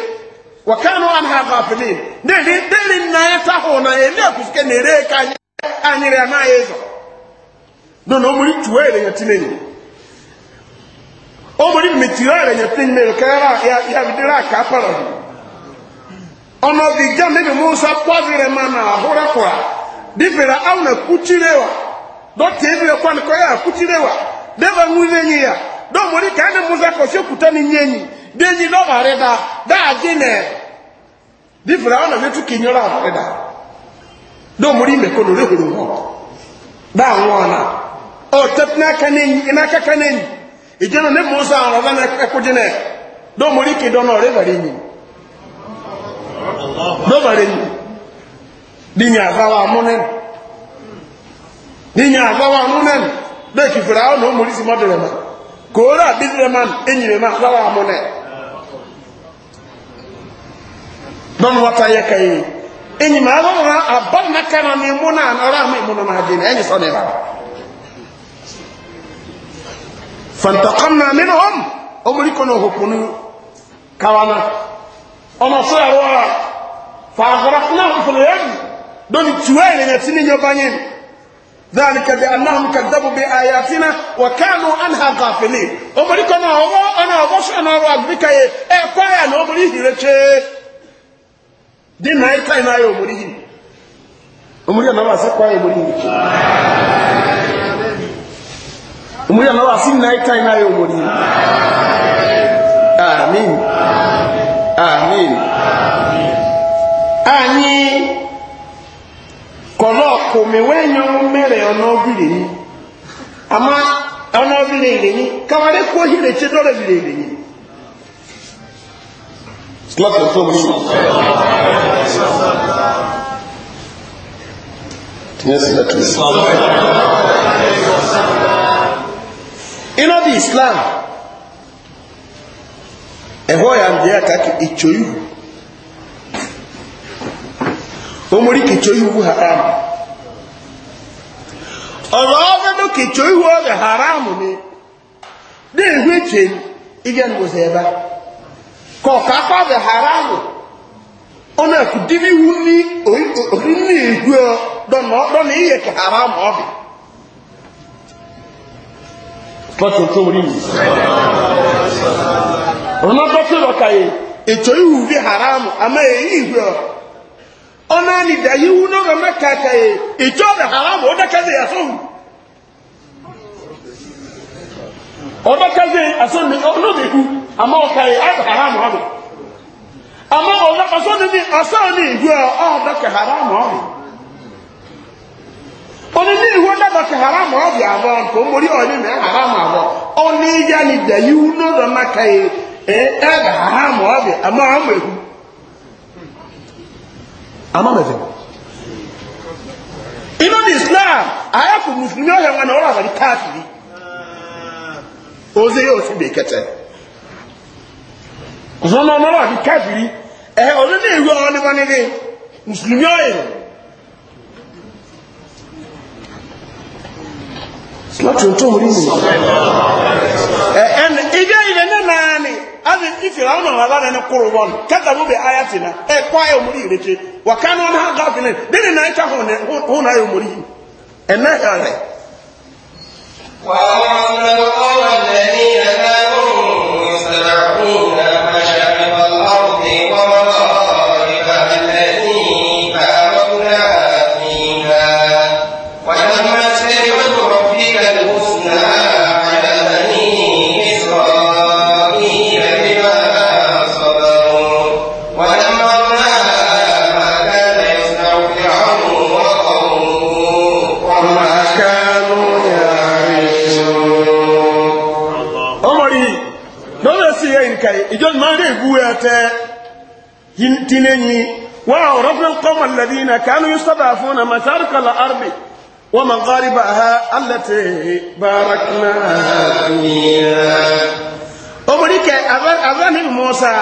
wa kanu anha ghafilin deli deli na yata ho na ele kuske na ere ka anyire na yezo no no omuri tuwele yatineni omuri mitiwele yatineni kera ya ya bidira ka paro ono bi jamme musa kwazire mana ahura kwa difira au na ahụ na-akụchiri kuchirewa dɔtɛɛbi ɛkwan kɔyɛ akutirewa dɛbɛ ŋunenyi ya dɔmori kaa ne musa kɔsi kuta ne nyenyi denyi dɔbare da daadi nɛ difura ɔna bi tu kinyɔrɔ abare da dɔmori mɛko lori horo hɔ daa n'aka nenyi n'aka ka nenyi na ne musa ɔrɔba n'ɛkudi nɛ dɔmori kidɔn ɔre bare nyi nyi hinya agbawa nunen beki firao no muri si modrema kora bidreman enyire ma agbawa amune don wata yakai enyi ma agbawa abban na kana mi muna na ra mi muna na gine enyi so ne ba fantaqamna minhum omuri kono hokunu kawana ọmọ sọ ẹ̀rọ ọ̀rọ̀ fàáfàràfúnà fúnlẹ̀ yẹn lónìí tùwẹ́ ìrìnà ذلك بأنهم كذبوا بآياتنا وكانوا عنها غافلين أمري كنا هو أنا أبوش أنا أبوك إيه كوايا نومري هيرتشي دي ناي كاي ناي أمري هي أمري أنا واسا كوايا أمري هي أمري أنا واسا ناي كاي ناي أمري هي آمين آمين آمين كلو ọkùnmi wẹ́nyọ mẹ́rẹ̀ ọ̀nọ́bìnrin ni àmọ́ ọ̀nọ́bìnrin ìrìn ni káwárẹ́ kó hìrè tí dọ́rẹ̀ bìrẹ̀ ìrìn ni. islam ẹ̀họ́ ya ń jẹ́ àkàkì ìtòyù omori kìtòyù ọ̀rọ̀ ọ̀gẹ́dọ̀ kìtò ihu ọ̀gẹ̀ haramu ni ní ihu ìtì ìgẹ̀ ngwòsè ọ ka akọ̀ ọ̀gẹ̀ haramu ọ̀nà ẹ̀kùdìrí ihu ní orí ihu ọ dọ̀nà ìyẹ na haramu ọ̀bẹ̀ tọ́tù tó rí mi ọ̀nà tọ́tù ihu bí haramu àmà èyí ihu ọ̀ ọmọ ẹni dà yíwú náà rẹ mẹ́kàkà yìí ìjọ haramu ọdọ́kẹ́sẹ̀ yàtọ̀hún ọdọ́kẹ́sẹ̀ asọ́nì ọlọ́mẹ̀kú àmọ́ ọkà yìí àti haramu ọdọ̀ àmọ́ ọdọ́kẹ́sọ́nì haramu ọdọ̀ ọdún ní onye dọ́kẹ́ haramu ọdọ̀ àbọ̀ nǹkan mórí ọ̀ní mẹ́ haramu àbọ̀ ọ̀ní yá ni dà yíwú náà rẹ mẹ́kà yìí ẹ̀ amamẹfẹ inú ní islam ayáfò mùsùlùmí ọ̀hẹ̀ wọn ọ̀rọ̀ àbàdí káàkiri oze yóò sì bèkẹtẹ ọ̀sán ọmọ ọ̀rọ̀ àbí káàkiri ẹ̀ ọdún ní ìwé ọ̀rọ̀ nípa nílé mùsùlùmí ọ̀hẹ̀ láti ohun tó mú rí nìyí ẹ̀ ẹ̀ ìgbé ilẹ̀ náà ani ifira ọnà wà lára na ẹ kọ ayé omori yìí létí wà ká ní wọn nke. gá fi lẹ nínú náà ẹka hún ayé omori yìí تنيني وعرفنا القوم الذين كانوا يستضعفون مشارق الأرض ومغاربها التي باركنا فيها أمريكا أذن موسى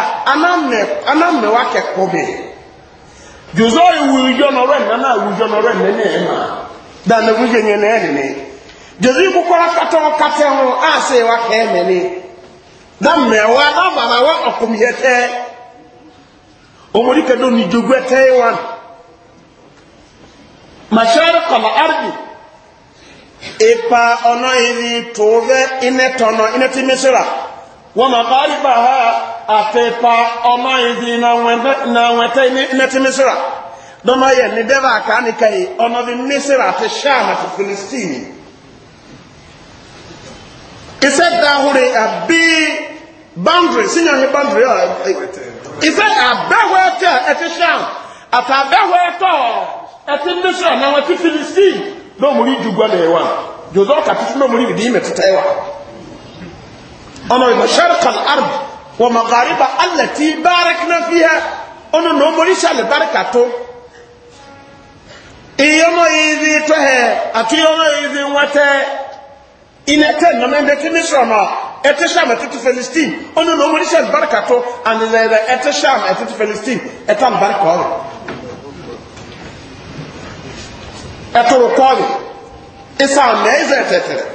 أنام نواك كوبي جزء ويجون رن أنا ويجون رن نعمة ده نوجين نعمة جزء بكرة كتر كتر أسي وكهمني ده موا ده بابا وأقوم يتأ omori kado ni jogwe taiwan masharq al ardi ipa ono ini tove ine tono ine ti misra wa maqariba ha afepa ono ini na wende na wete ine, ine ti misra doma ye ni deva ka ni kai ono di misra te sham te philistine he said that ife abehwe ete etisham ata abehwe eto ete ndị sọ na nwa tifili si n'omuri jugwa na ewa jozo ọka tifili omuri bidi imetụta ewa ọnọ ibe sharkal ard wa magariba allati barakna fiha ọnọ na omuri shali barka to iye ọmọ ya ibi tọhe atụ ya ọmọ ya ibi nwete inete nnọmọ ndị tifili sọ na ɛte sham ɛtete philistine ɔno na ɔmo nihyɛ nbarika to anenɛrɛ ɛte sham ɛtete philistine ɛta nbarika ɔre ɛtoro kɔɔre ɛsan mɛɛzɛ tɛtɛrɛ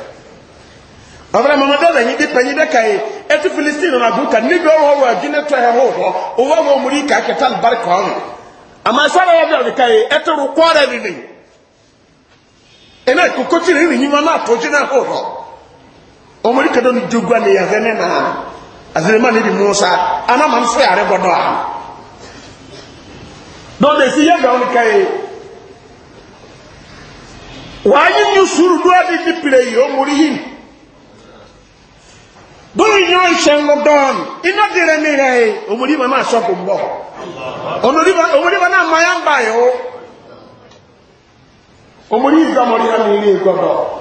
ɔbɛrɛ mɔmɔ dɛ lɛnyi de panyin dɛ kae ɛte philistine na abuka ne bi ɔwɔ wɔ adwene tɔ ɛhɔ hɔ ɔwɔ wɔ ɔmo yi kae kɛta nbarika ɔre ama sara yɛ dɛ ɔde kae ɛtoro kɔɔre ne ne ɛnna kokotiri ne nyima na atɔ gyina hɔ hɔ. omori kado ni jogwa ni ya vene na azirema ni bi musa ana man so yare godo a don de si yaga on kai wa yin yusuru do adi di pire yi omori hin do yin yo shen lo don ina dire ni re omori ma ma so ko mbo omori ma ma na ma ba yo omori ga mori na ni ni godo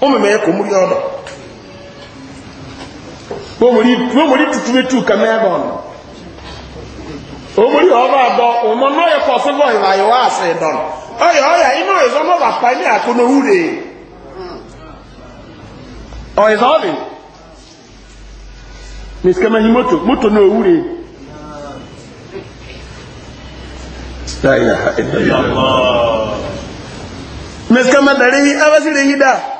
omeme ko muri odo wo muri tutube tu ka meba on o muri oba do o mo no ye ko so bo iwa yo ase don oya oya ino e zo mo ba pa ni akono hure o e zo bi ni moto moto no hure la ilaha illallah meskama dari awasire hida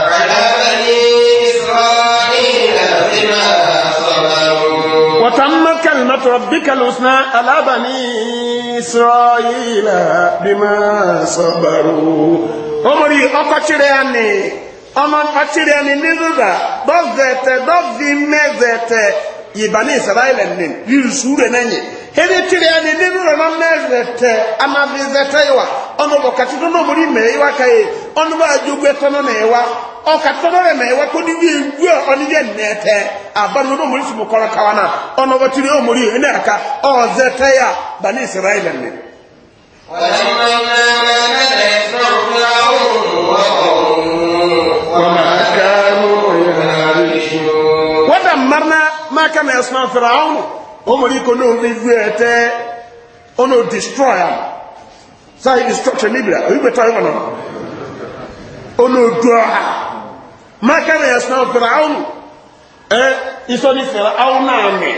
نعمة ربك الحسنى على بني إسرائيل بما صبروا أمري أكترياني أما أكترياني نذبا بغت بغي مذت يبني إسرائيل نين يرسول نيني هذه ترياني نذبا ما مذت أما بذت يوا أما بكترياني نمري ميوا كي أما أجوبة نميوا ọkàtọ́lọ́rẹ̀ mẹ́wàá kó ní yíyẹ wú ẹ̀ ọ́níyẹ nẹ́ẹ̀tẹ́ àbánu ní omori sùnmù kọ́ra kawa na ọ̀nà ọba tiri omori ẹ̀ bani israẹli ẹ̀ nìyẹn. na dà mmarna máa ká na ẹ̀sùn àfẹ́rẹ́ àwọn omori kò ní destruction ما كان يصنع فرعون ẹ ìsọdí fẹ̀rẹ̀ náà mi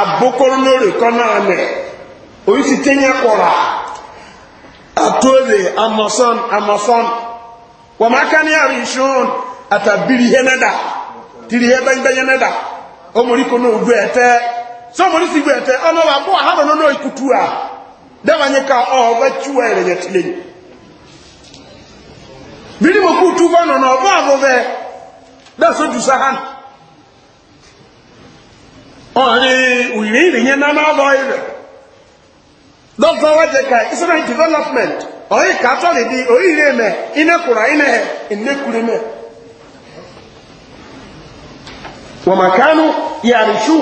àbókòrò lórí kan náà mi òyìn sì tẹ́yẹ kọ̀ra àtòlè amọ̀sán amọ̀sán wọ́n máa ká ní àrùn ìṣòro àtàbírí hẹ́nẹ́dà tìrì hẹ́ bẹ́ńbẹ́yẹ́ nẹ́dà ọmọdé kan náà gbé biri mo kú tu bọ́ọ̀nù náà ọ̀bọ̀ àbọ̀ bẹ́ẹ̀ bẹ́ẹ̀ sọ jùsà hàn ọ̀rẹ́ òyìnbó ìrìnyẹn náà náà ọrịa. ẹ̀rẹ̀ dọ́kítọ̀ wájú ka islamic development ọ̀rẹ́ kàtọ́lì di oríire mẹ́ iná kura iná ẹ̀ iná kure mẹ́ wọ́n mà kánú yàrá ìṣù.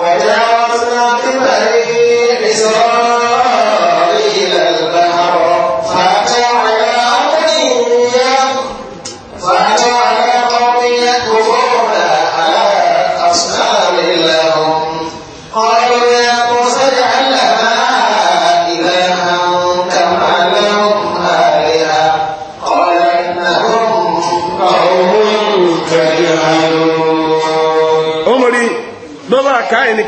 wàjà wọn sọ fún mi ní ìṣòro.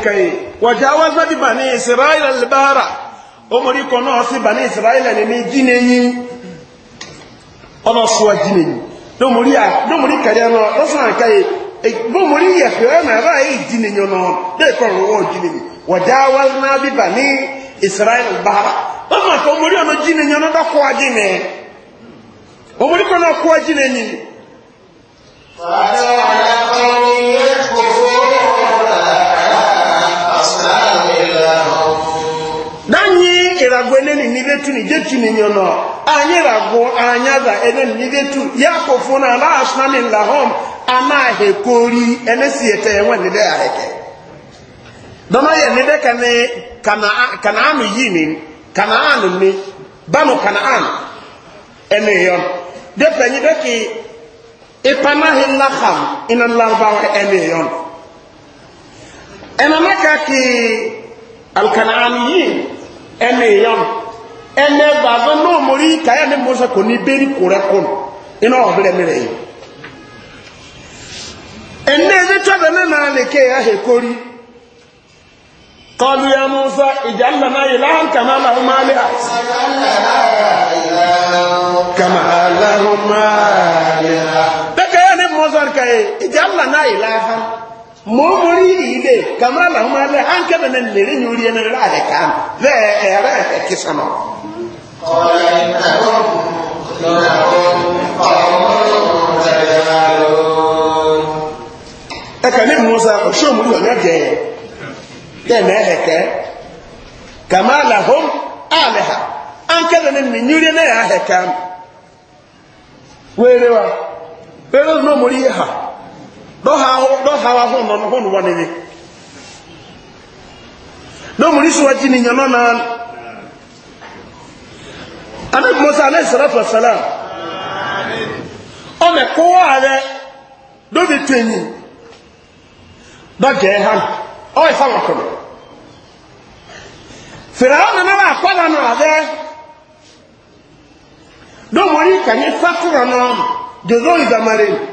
kai wajawaza bi bani israila albara omori kono no si bani israila le ni jineyi ono so jineyi do mori a do mori kare no do san kai bo mori ya fe na ra e jineyi no de ko ro wo jineyi wajawazna bi bani israila albara o ma ko mori ono jineyi no da ko ajine omori ko no ko ajine ni فَأَتَوْا عَلَى قَوْمٍ يَكْفُرُونَ nanyi iragwo eneni nibetu nijetu ninyono anyi ragwo anyaza eneni nibetu yakofuna ala asnamin lahom anahekori enesi ete enwe nide aheke dona ye nide kane kanaanu yini kanaanu ni banu kanaan ene yon de penyi deki ipanahi laham inan larbawa ene yon ɛna ka ke alkanaaniyin ɛna yam ɛna baazɔ kaya ne musa ko ni beri ina ne naa ya he kori kɔlu ya musa ìjà nana yi la kama na huma ali a. kama huma ali ya ne musa ka ye ìjà nana yi mɔmɔri ile kama la ma lɛ an kɛmɛ na lere nyuri na lɛ ale kan lɛ ɛrɛ ɛfɛ kisa nɔ. kɔlɛ ɛkɔ lɔrɔ ɔmɔ lɔrɔ. ɛ ka ne musa o sɔ mu yɔ ɲɔ jɛ tɛ mɛ ɛ kɛ kama la hom ale ha an kɛmɛ na ni nyuri na yɛ ale kan. wele wa wele n'o mɔri ye ha. dɔhawa ho no ho no wɔ ne ne na ɔmuri so ọ na nyɛnɔ naa anabi musa alayhi salatu wa salam ɔmɛ kowa arɛ ọ tu enyi dɔgya ɛha no ɔyɛ fa wɔkɔ no firawo nana ba akɔla no arɛ fatura no jɔzɔ idamare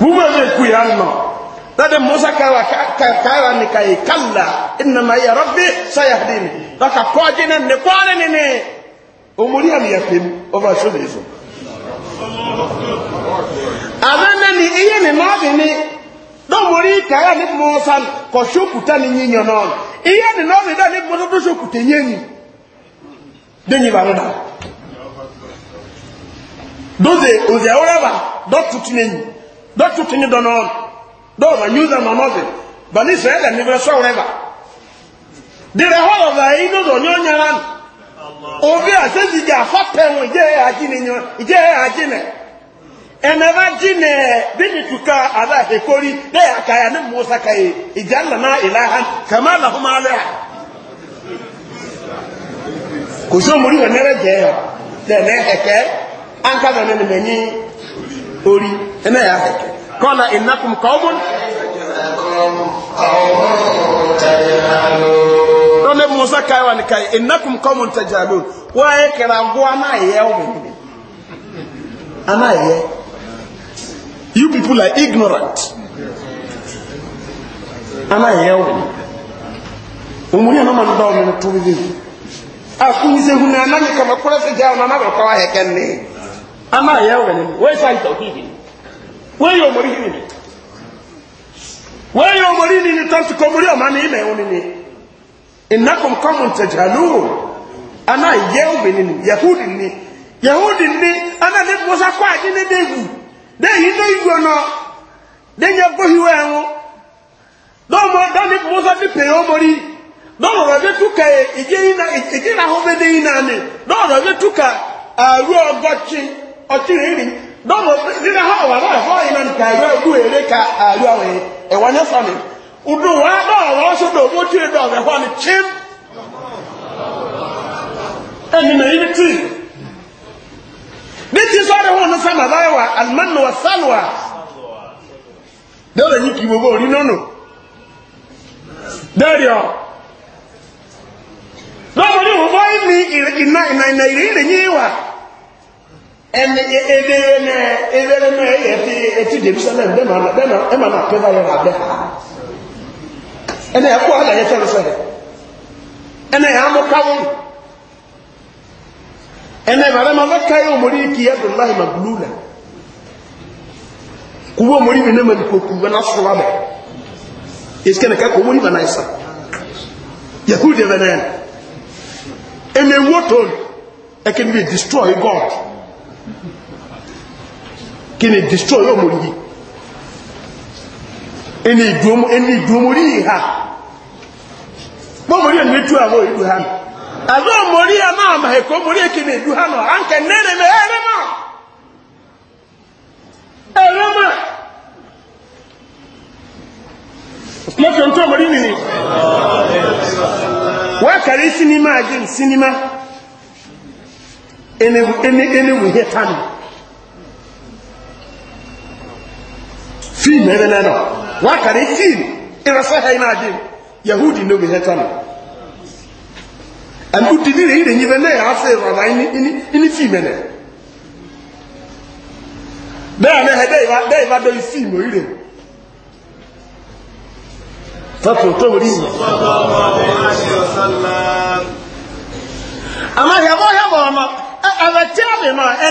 woman ne ku ya nɔ dade musa kawa kawa ne ka ye kalla inna ma ya rabbi sayahdini daka kɔɔji ne ne kɔɔri ne ne o mori ami ya pem o ba so de so abe ne ni iye ne ma bi ni dɔw mori kaya ne musa kɔ so kuta ni nyi nyɔ nɔ iye ne nɔ da ne musa so kuta nye ni de nyi ba no da dose ozia wura ba dɔ tutu ne nyi. dɔtu tinye dɔnɔn dɔw ma nyuza nɔnɔvi bani sɛ ɛlɛ nivɛ sɔwurɛ ba dirɛ hɔlɔ ba yi no dɔ nyɔ nyara nu obi a sɛ ti a fa pɛŋu idze yɛ adi ni nyɔ idze yɛ adi nɛ ɛnɛ ba di nɛ bi ni tuka a ba ne y'a ka ya ne musa ka ye idza nana ilaha kama lahuma alɛ kò sóò mo ní wọn nẹrẹ jẹ yọ tẹ ẹ an ka ne nyi. orí ẹnẹ́ yà hẹ̀ kọ́lá ìnákùn kọ́ọ̀mùn rọ́lẹ̀ musa káyọ̀ ní káyọ̀ ìnákùn kọ́ọ̀mùn tẹ̀jàlú wọ́n ayé kẹrẹ agó anáyẹ ọmọdé anáyẹ you people are ignorant anáyẹ ọmọdé òmùrí ẹ̀ náà máa ń dá ọmọdé tó bí bí akúnyíṣẹ́ hun ní anáyẹ kàmẹ́kọ́lẹ́sẹ̀ jẹ́ ọmọdé kọ́wá hẹ̀kẹ́ nìyẹn ama ayɛ wɔ ne mu wɔyɛ tawhidi wɔyɛ ɔmɔri hini ni wɔyɛ ɔmɔri ni ni tɔnti kɔmɔri ɔma ne ima ɛwɔ ne ni innakum kɔmu ntajalu ana ayɛ wɔ ne ni yahudi ni yahudi ni ana ne bɔsa kɔ adi ne de wu de yi ne yi wɔnɔ de nyɛ bohi wɔ ɛwɔ dɔwɔmɔ dɔwɔmɔ bɔsa ne pe ɔmɔri dɔwɔmɔ bɛ tu ka ye edi na edi na hɔ de yi na ne dɔwɔmɔ bɛ tu ka aru ɔgɔtsi ọtí rírì dọ́mọ̀ nílẹ̀ hàn wà náà hàn iná nìkan ẹ̀rọ ẹ̀kú èrè ka ààrẹ àwọn ẹ̀wà ní sọ́ni ọdún wa náà wọ́n sọ́dọ̀ owó tí èdè ọ̀rẹ́ hàn ní chim ẹni nà yìí tì ní tí sọ́dọ̀ wọn sá màdá wà alimánù wà sálùwà dẹ́rẹ̀ yìí kì gbogbo òrí nọ́nù dẹ́rẹ̀ ọ̀ dọ́mọ̀ ní wọ́n bọ́ ìní ìrìnà ìrìnà ìrìnà ìrìnà ebere na ebere na efi etu jerusalem dema dema ema na na be ya tele sere ene ya mo kawo ene bare ma zaka ya umuri ki ya billahi maglula kuwo umuri na ma ko ku na sura be iske na ka ko umuri ba na isa destroy god kí ni destroy yóò mórí yìí ẹni ìdúnmórí ìhà mọ́mórí ẹni tú àwọn ìlú ha àzọ́ mórí ẹ máa mà ẹ̀kọ́ mórí ẹkì ni ìlú ha nọ à ń kẹ nẹ́rẹ̀ mẹ́ ẹ̀rẹ́ mà ẹ̀rẹ́ mà lọ́tọ̀ ń tọ́ mórí nìyí wọ́n kàrí sinimá àjẹ́ sinimá ẹni wùhẹ́ tánu fíìmù ẹ̀rẹ́ lẹ́nà wọ́n kàrí fíìmù irasa ha iná àdé yahudi ní omi hẹ́tà nù ẹ̀mú dìní rẹ̀ ìrẹ̀ yìí lẹ́yìn afẹ́ ìrọ̀lá ní fíìmù ẹ̀nẹ̀ bẹ́ẹ̀ ní ẹ̀dẹ́ ìwà bẹ́ẹ̀ ìwà dọ̀ fíìmù ìrẹ̀ tọ́tù tó rí yìí. àmọ́ ìyàwó yàwó ọmọ ẹ̀ẹ́dẹ́ tí a lè mọ ẹ̀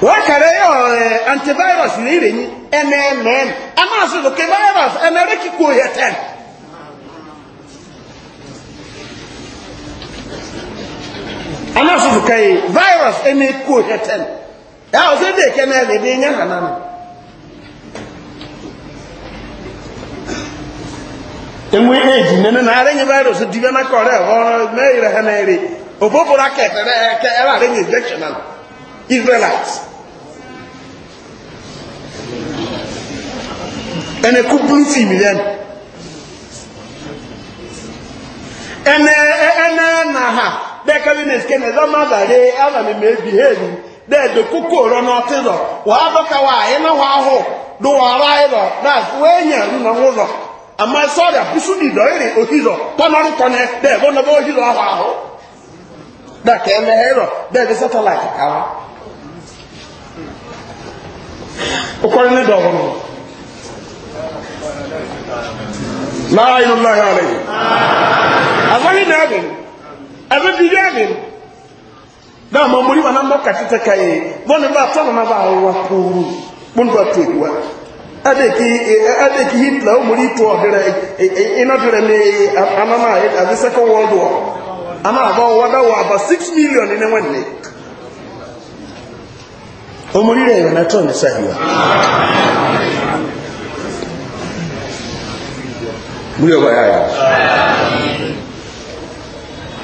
wakare yɛ eh, antivirus ne yire nyi ɛnɛɛnɛɛn ama so do ke virus ɛnɛɛrɛ kiko yɛ tɛn ama so do kɛyi virus ɛnɛ kiko yɛ tɛn ɛyà ɔsɛ de kɛ nɛ de de nyɛ nana no emu eji nene na are nye virus di bɛ na kɔrɛ ɔrɔ mɛ yire hɛ na yire òfófó ra kɛ ɛrɛ ɛrɛ are nye injection na israelites. ɛnɛ kó blue film yɛn ɛnɛ ɛnɛ na ha bɛɛ cabinet kɛnɛ zama zare ala mi mɛ bi hɛ mi dɛ do koko e rɔ Na rɔ wà á dɔka wà ayé na wà á hó do wà á ráyé rɔ náà wéé nyɛ nínú ɔwó rɔ àmà sɔɔri àbúsù di dɔ èrè òhì rɔ pɔnɔrì kɔnɛ dɛ bɔnɔ bɛ òhì rɔ wà á hó dɛ kɛmɛ hɛ rɔ dɛ bi satellite kàwá. okɔrin ni dɔwɔrɔ. لا إله الله عليه أظن نادم أظن بجادم da ma muri wana mboka tete kai bona ba tona na ba wa na mun ba tu wa ade ki ade ki hitla o muri to dere ina dere ne amama at the second world war ama ba wa da wa ba 6 million ne wanne o muri na to ne sahiwa múlẹ̀ ọba yára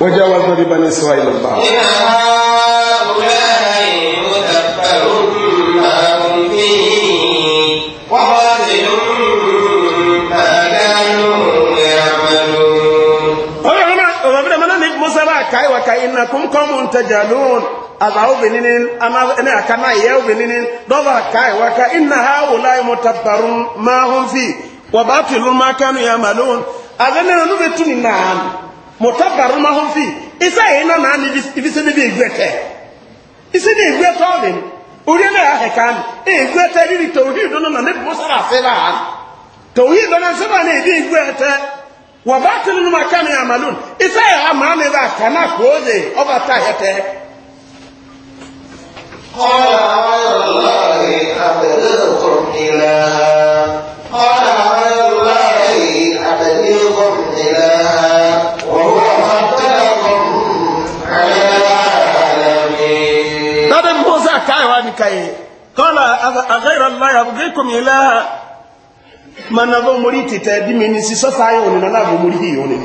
wọ́n já wá sọ́dí bá ní sọ́wọ́ ilẹ̀ bá kai wa kai innakum qawmun tajalun azaw bininin ama ina kana yaw bininin doba kai wa ka inna haula mutabbarun ma hum fi وباطل ما كانوا يعملون أذننا نبتني نعم متبر ما هم فيه إذا هنا نعم يفسد بيجوته يفسد بيجوته أولين أولين يا أخي إيجوته لي توحيد أنا نبى سبعة سبعة توحيد أنا سبعة نبي إيجوته وباطل ما كانوا يعملون إذا هنا نعم إذا كان كوزي أو بتاهته قال غير الله أبدلكم إلها قال القرآن كي قال أغير الله أبغيكم إله ما نظر مريتي تادي من سيسوسا يوني نظر مريتي يوني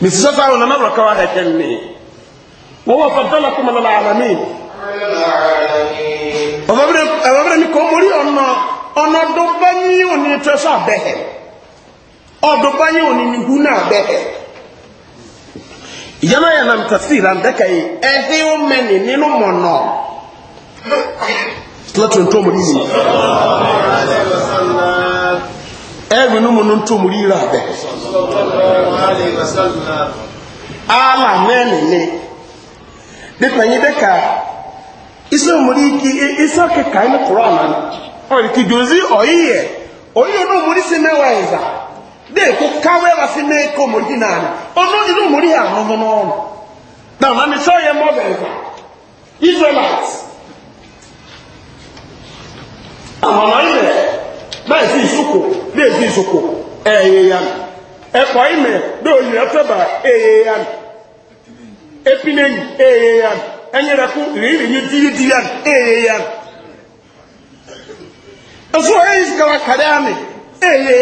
من سيسوسا يوني نظر كواها كمي وهو فضلكم على العالمين ọ̀bẹ̀bẹ̀rẹ̀ mi kò mórí ọ̀nà ọ̀nà ọ̀dọ̀bá ní òní tẹ́sà bẹ̀ẹ̀ ọ̀dọ̀bá ní òní nìkú náà bẹ̀ẹ̀ ìyáná yẹn nà mí tẹ̀sí ìlànà dẹ́kẹ̀ yìí ẹ̀dín ó mẹ́ni nínú mọ̀nà láti ohun tó mú nínú ẹgbẹ̀ inú múnú tó mú ríra bẹ̀ ala mẹ́lẹ̀lẹ́ nípa yí dẹ́ka iṣẹ́ òmúrí kí iṣẹ́ kẹka inú kúrọ̀ àmà ọ̀rì kí jòzí ọ̀yíyẹ̀ oyí onú òmúrí sí mẹ́wàá ìzà dẹ́ẹ̀kú káwẹ́wà sí mẹ́kọ́ mọ̀dí náà ọ̀nà inú òmúrí àwọn ọmọ náà náà mami sọ́yẹ mọ́ bẹ̀rẹ̀ israelites àmàmà ilẹ̀ láì sí ìsúkò lè sí ìsúkò ẹ̀yẹ yan ẹ̀kọ́ ìmẹ̀ bí òyìn ẹ̀fẹ́bà ẹ̀yẹ yan epinenyi ẹ̀yẹ yan ẹ̀nyẹ̀rẹ̀kú rírì ní dídí yan ẹ̀yẹ yan ẹ̀sùn ẹ̀yìn sìkàwà kàdé àmì ẹ̀yẹ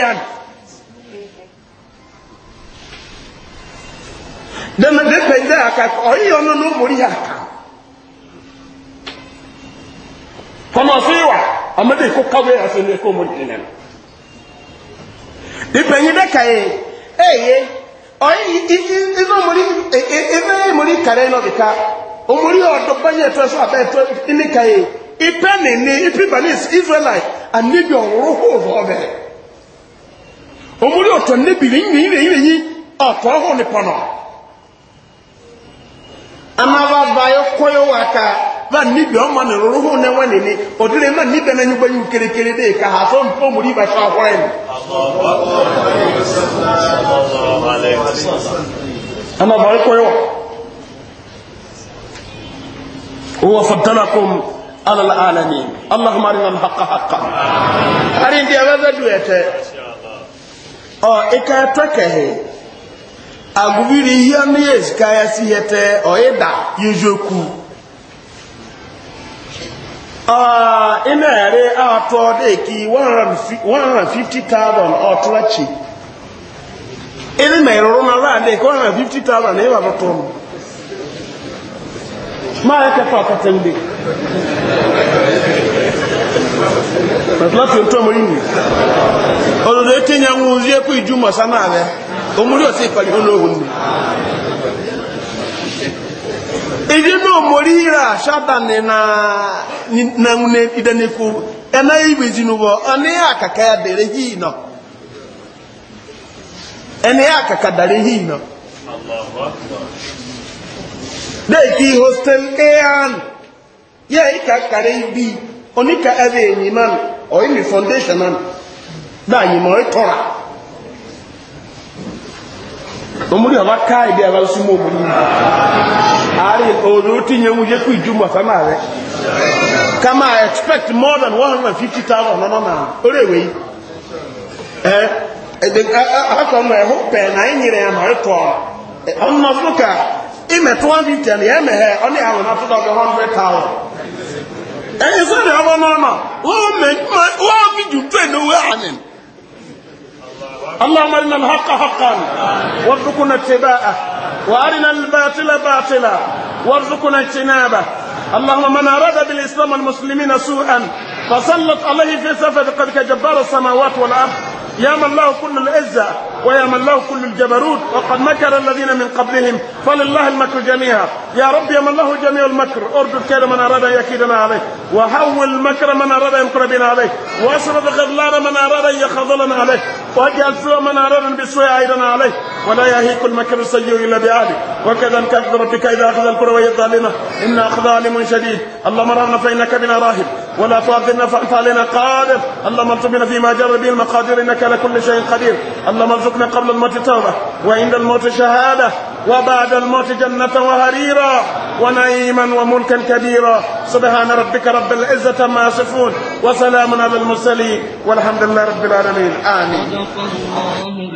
fama siwa amade ko kawe asene ko mo dinan dipenyi de kaye eh, eye oyi isi izo mori ebe mori kare no bika omori odo banye to so abe to ini kaye ipe banis anibi ho omori ho amava waka ba bi ọma na rụrụ hụ na enwe nini ọ dịrị nibe na dị ka ha sọ mpe omuri ibacha ọhụrụ ama bari koyo huwa faddalakum ala alalamin allahumma arina alhaqa haqa ari ndi abaza duete ọ ikata kehe agubiri ihe ndị ezika ya si hete ọ ịda ya ịna-ere ah, atọ deki 150,000 ịdị na ịrụrụ na radeki 150,000 na ịwabatụ m maa ekefa ọkata ndị matlafiyon tó mori ni ọdọdọ iju na-abịa osi ịkpali ebi na omori ra shadan na na ngune idaneko ena ibe zinubo ane akaka ya dere hi no ene akaka dare hi no Allahu akbar de ki hostel kean ya ikakare bi onika ave ni man o imi foundation man da yi mo tora omuli ọba káàdì ẹ̀rọ súnmọ́ òmùlí mi ààrẹ òòrùn tí yẹn wúyẹ kú ìjùmọ̀ expect more than 150,000 eh, eh, eh, hundred and fifty thousand ọ̀nà náà orí na ẹ ya ma ẹ tọ ọnà fúnka ìmẹ tó one fifty ẹni ẹ mẹ hẹ اللهم ارنا الحق حقا وارزقنا اتباعه وارنا الباطل باطلا وارزقنا اجتنابه اللهم من اراد بالاسلام والمسلمين سوءا فسلط عليه في سفر قد كجبار السماوات والارض يا من له كل العزة ويا من له كل الجبروت وقد مكر الذين من قبلهم فلله المكر جميعا يا رب يا من له جميع المكر اردد كيد من أراد أن يكيدنا عليه وحول مكر من أراد أن يمكر بنا عليه واسرد خذلان من أراد أن يخذلنا عليه واجعل سوء من أراد بالسوء عيدنا عليه ولا يهيك المكر السيء إلا بعالي وكذا كأخذ ربك إذا أخذ الكرة وهي ظالمة إن أخذ ظالم شديد اللهم رغنا فإنك بنا راهب ولا تؤاخذنا فأنت علينا قادر اللهم ارزقنا فيما جر به المقادير إنك إنك كل شيء قدير اللهم ارزقنا قبل الموت توبة وعند الموت شهادة وبعد الموت جنة وهريرا ونعيما وملكا كبيرا سبحان ربك رب العزة ما يصفون وسلام على المرسلين والحمد لله رب العالمين آمين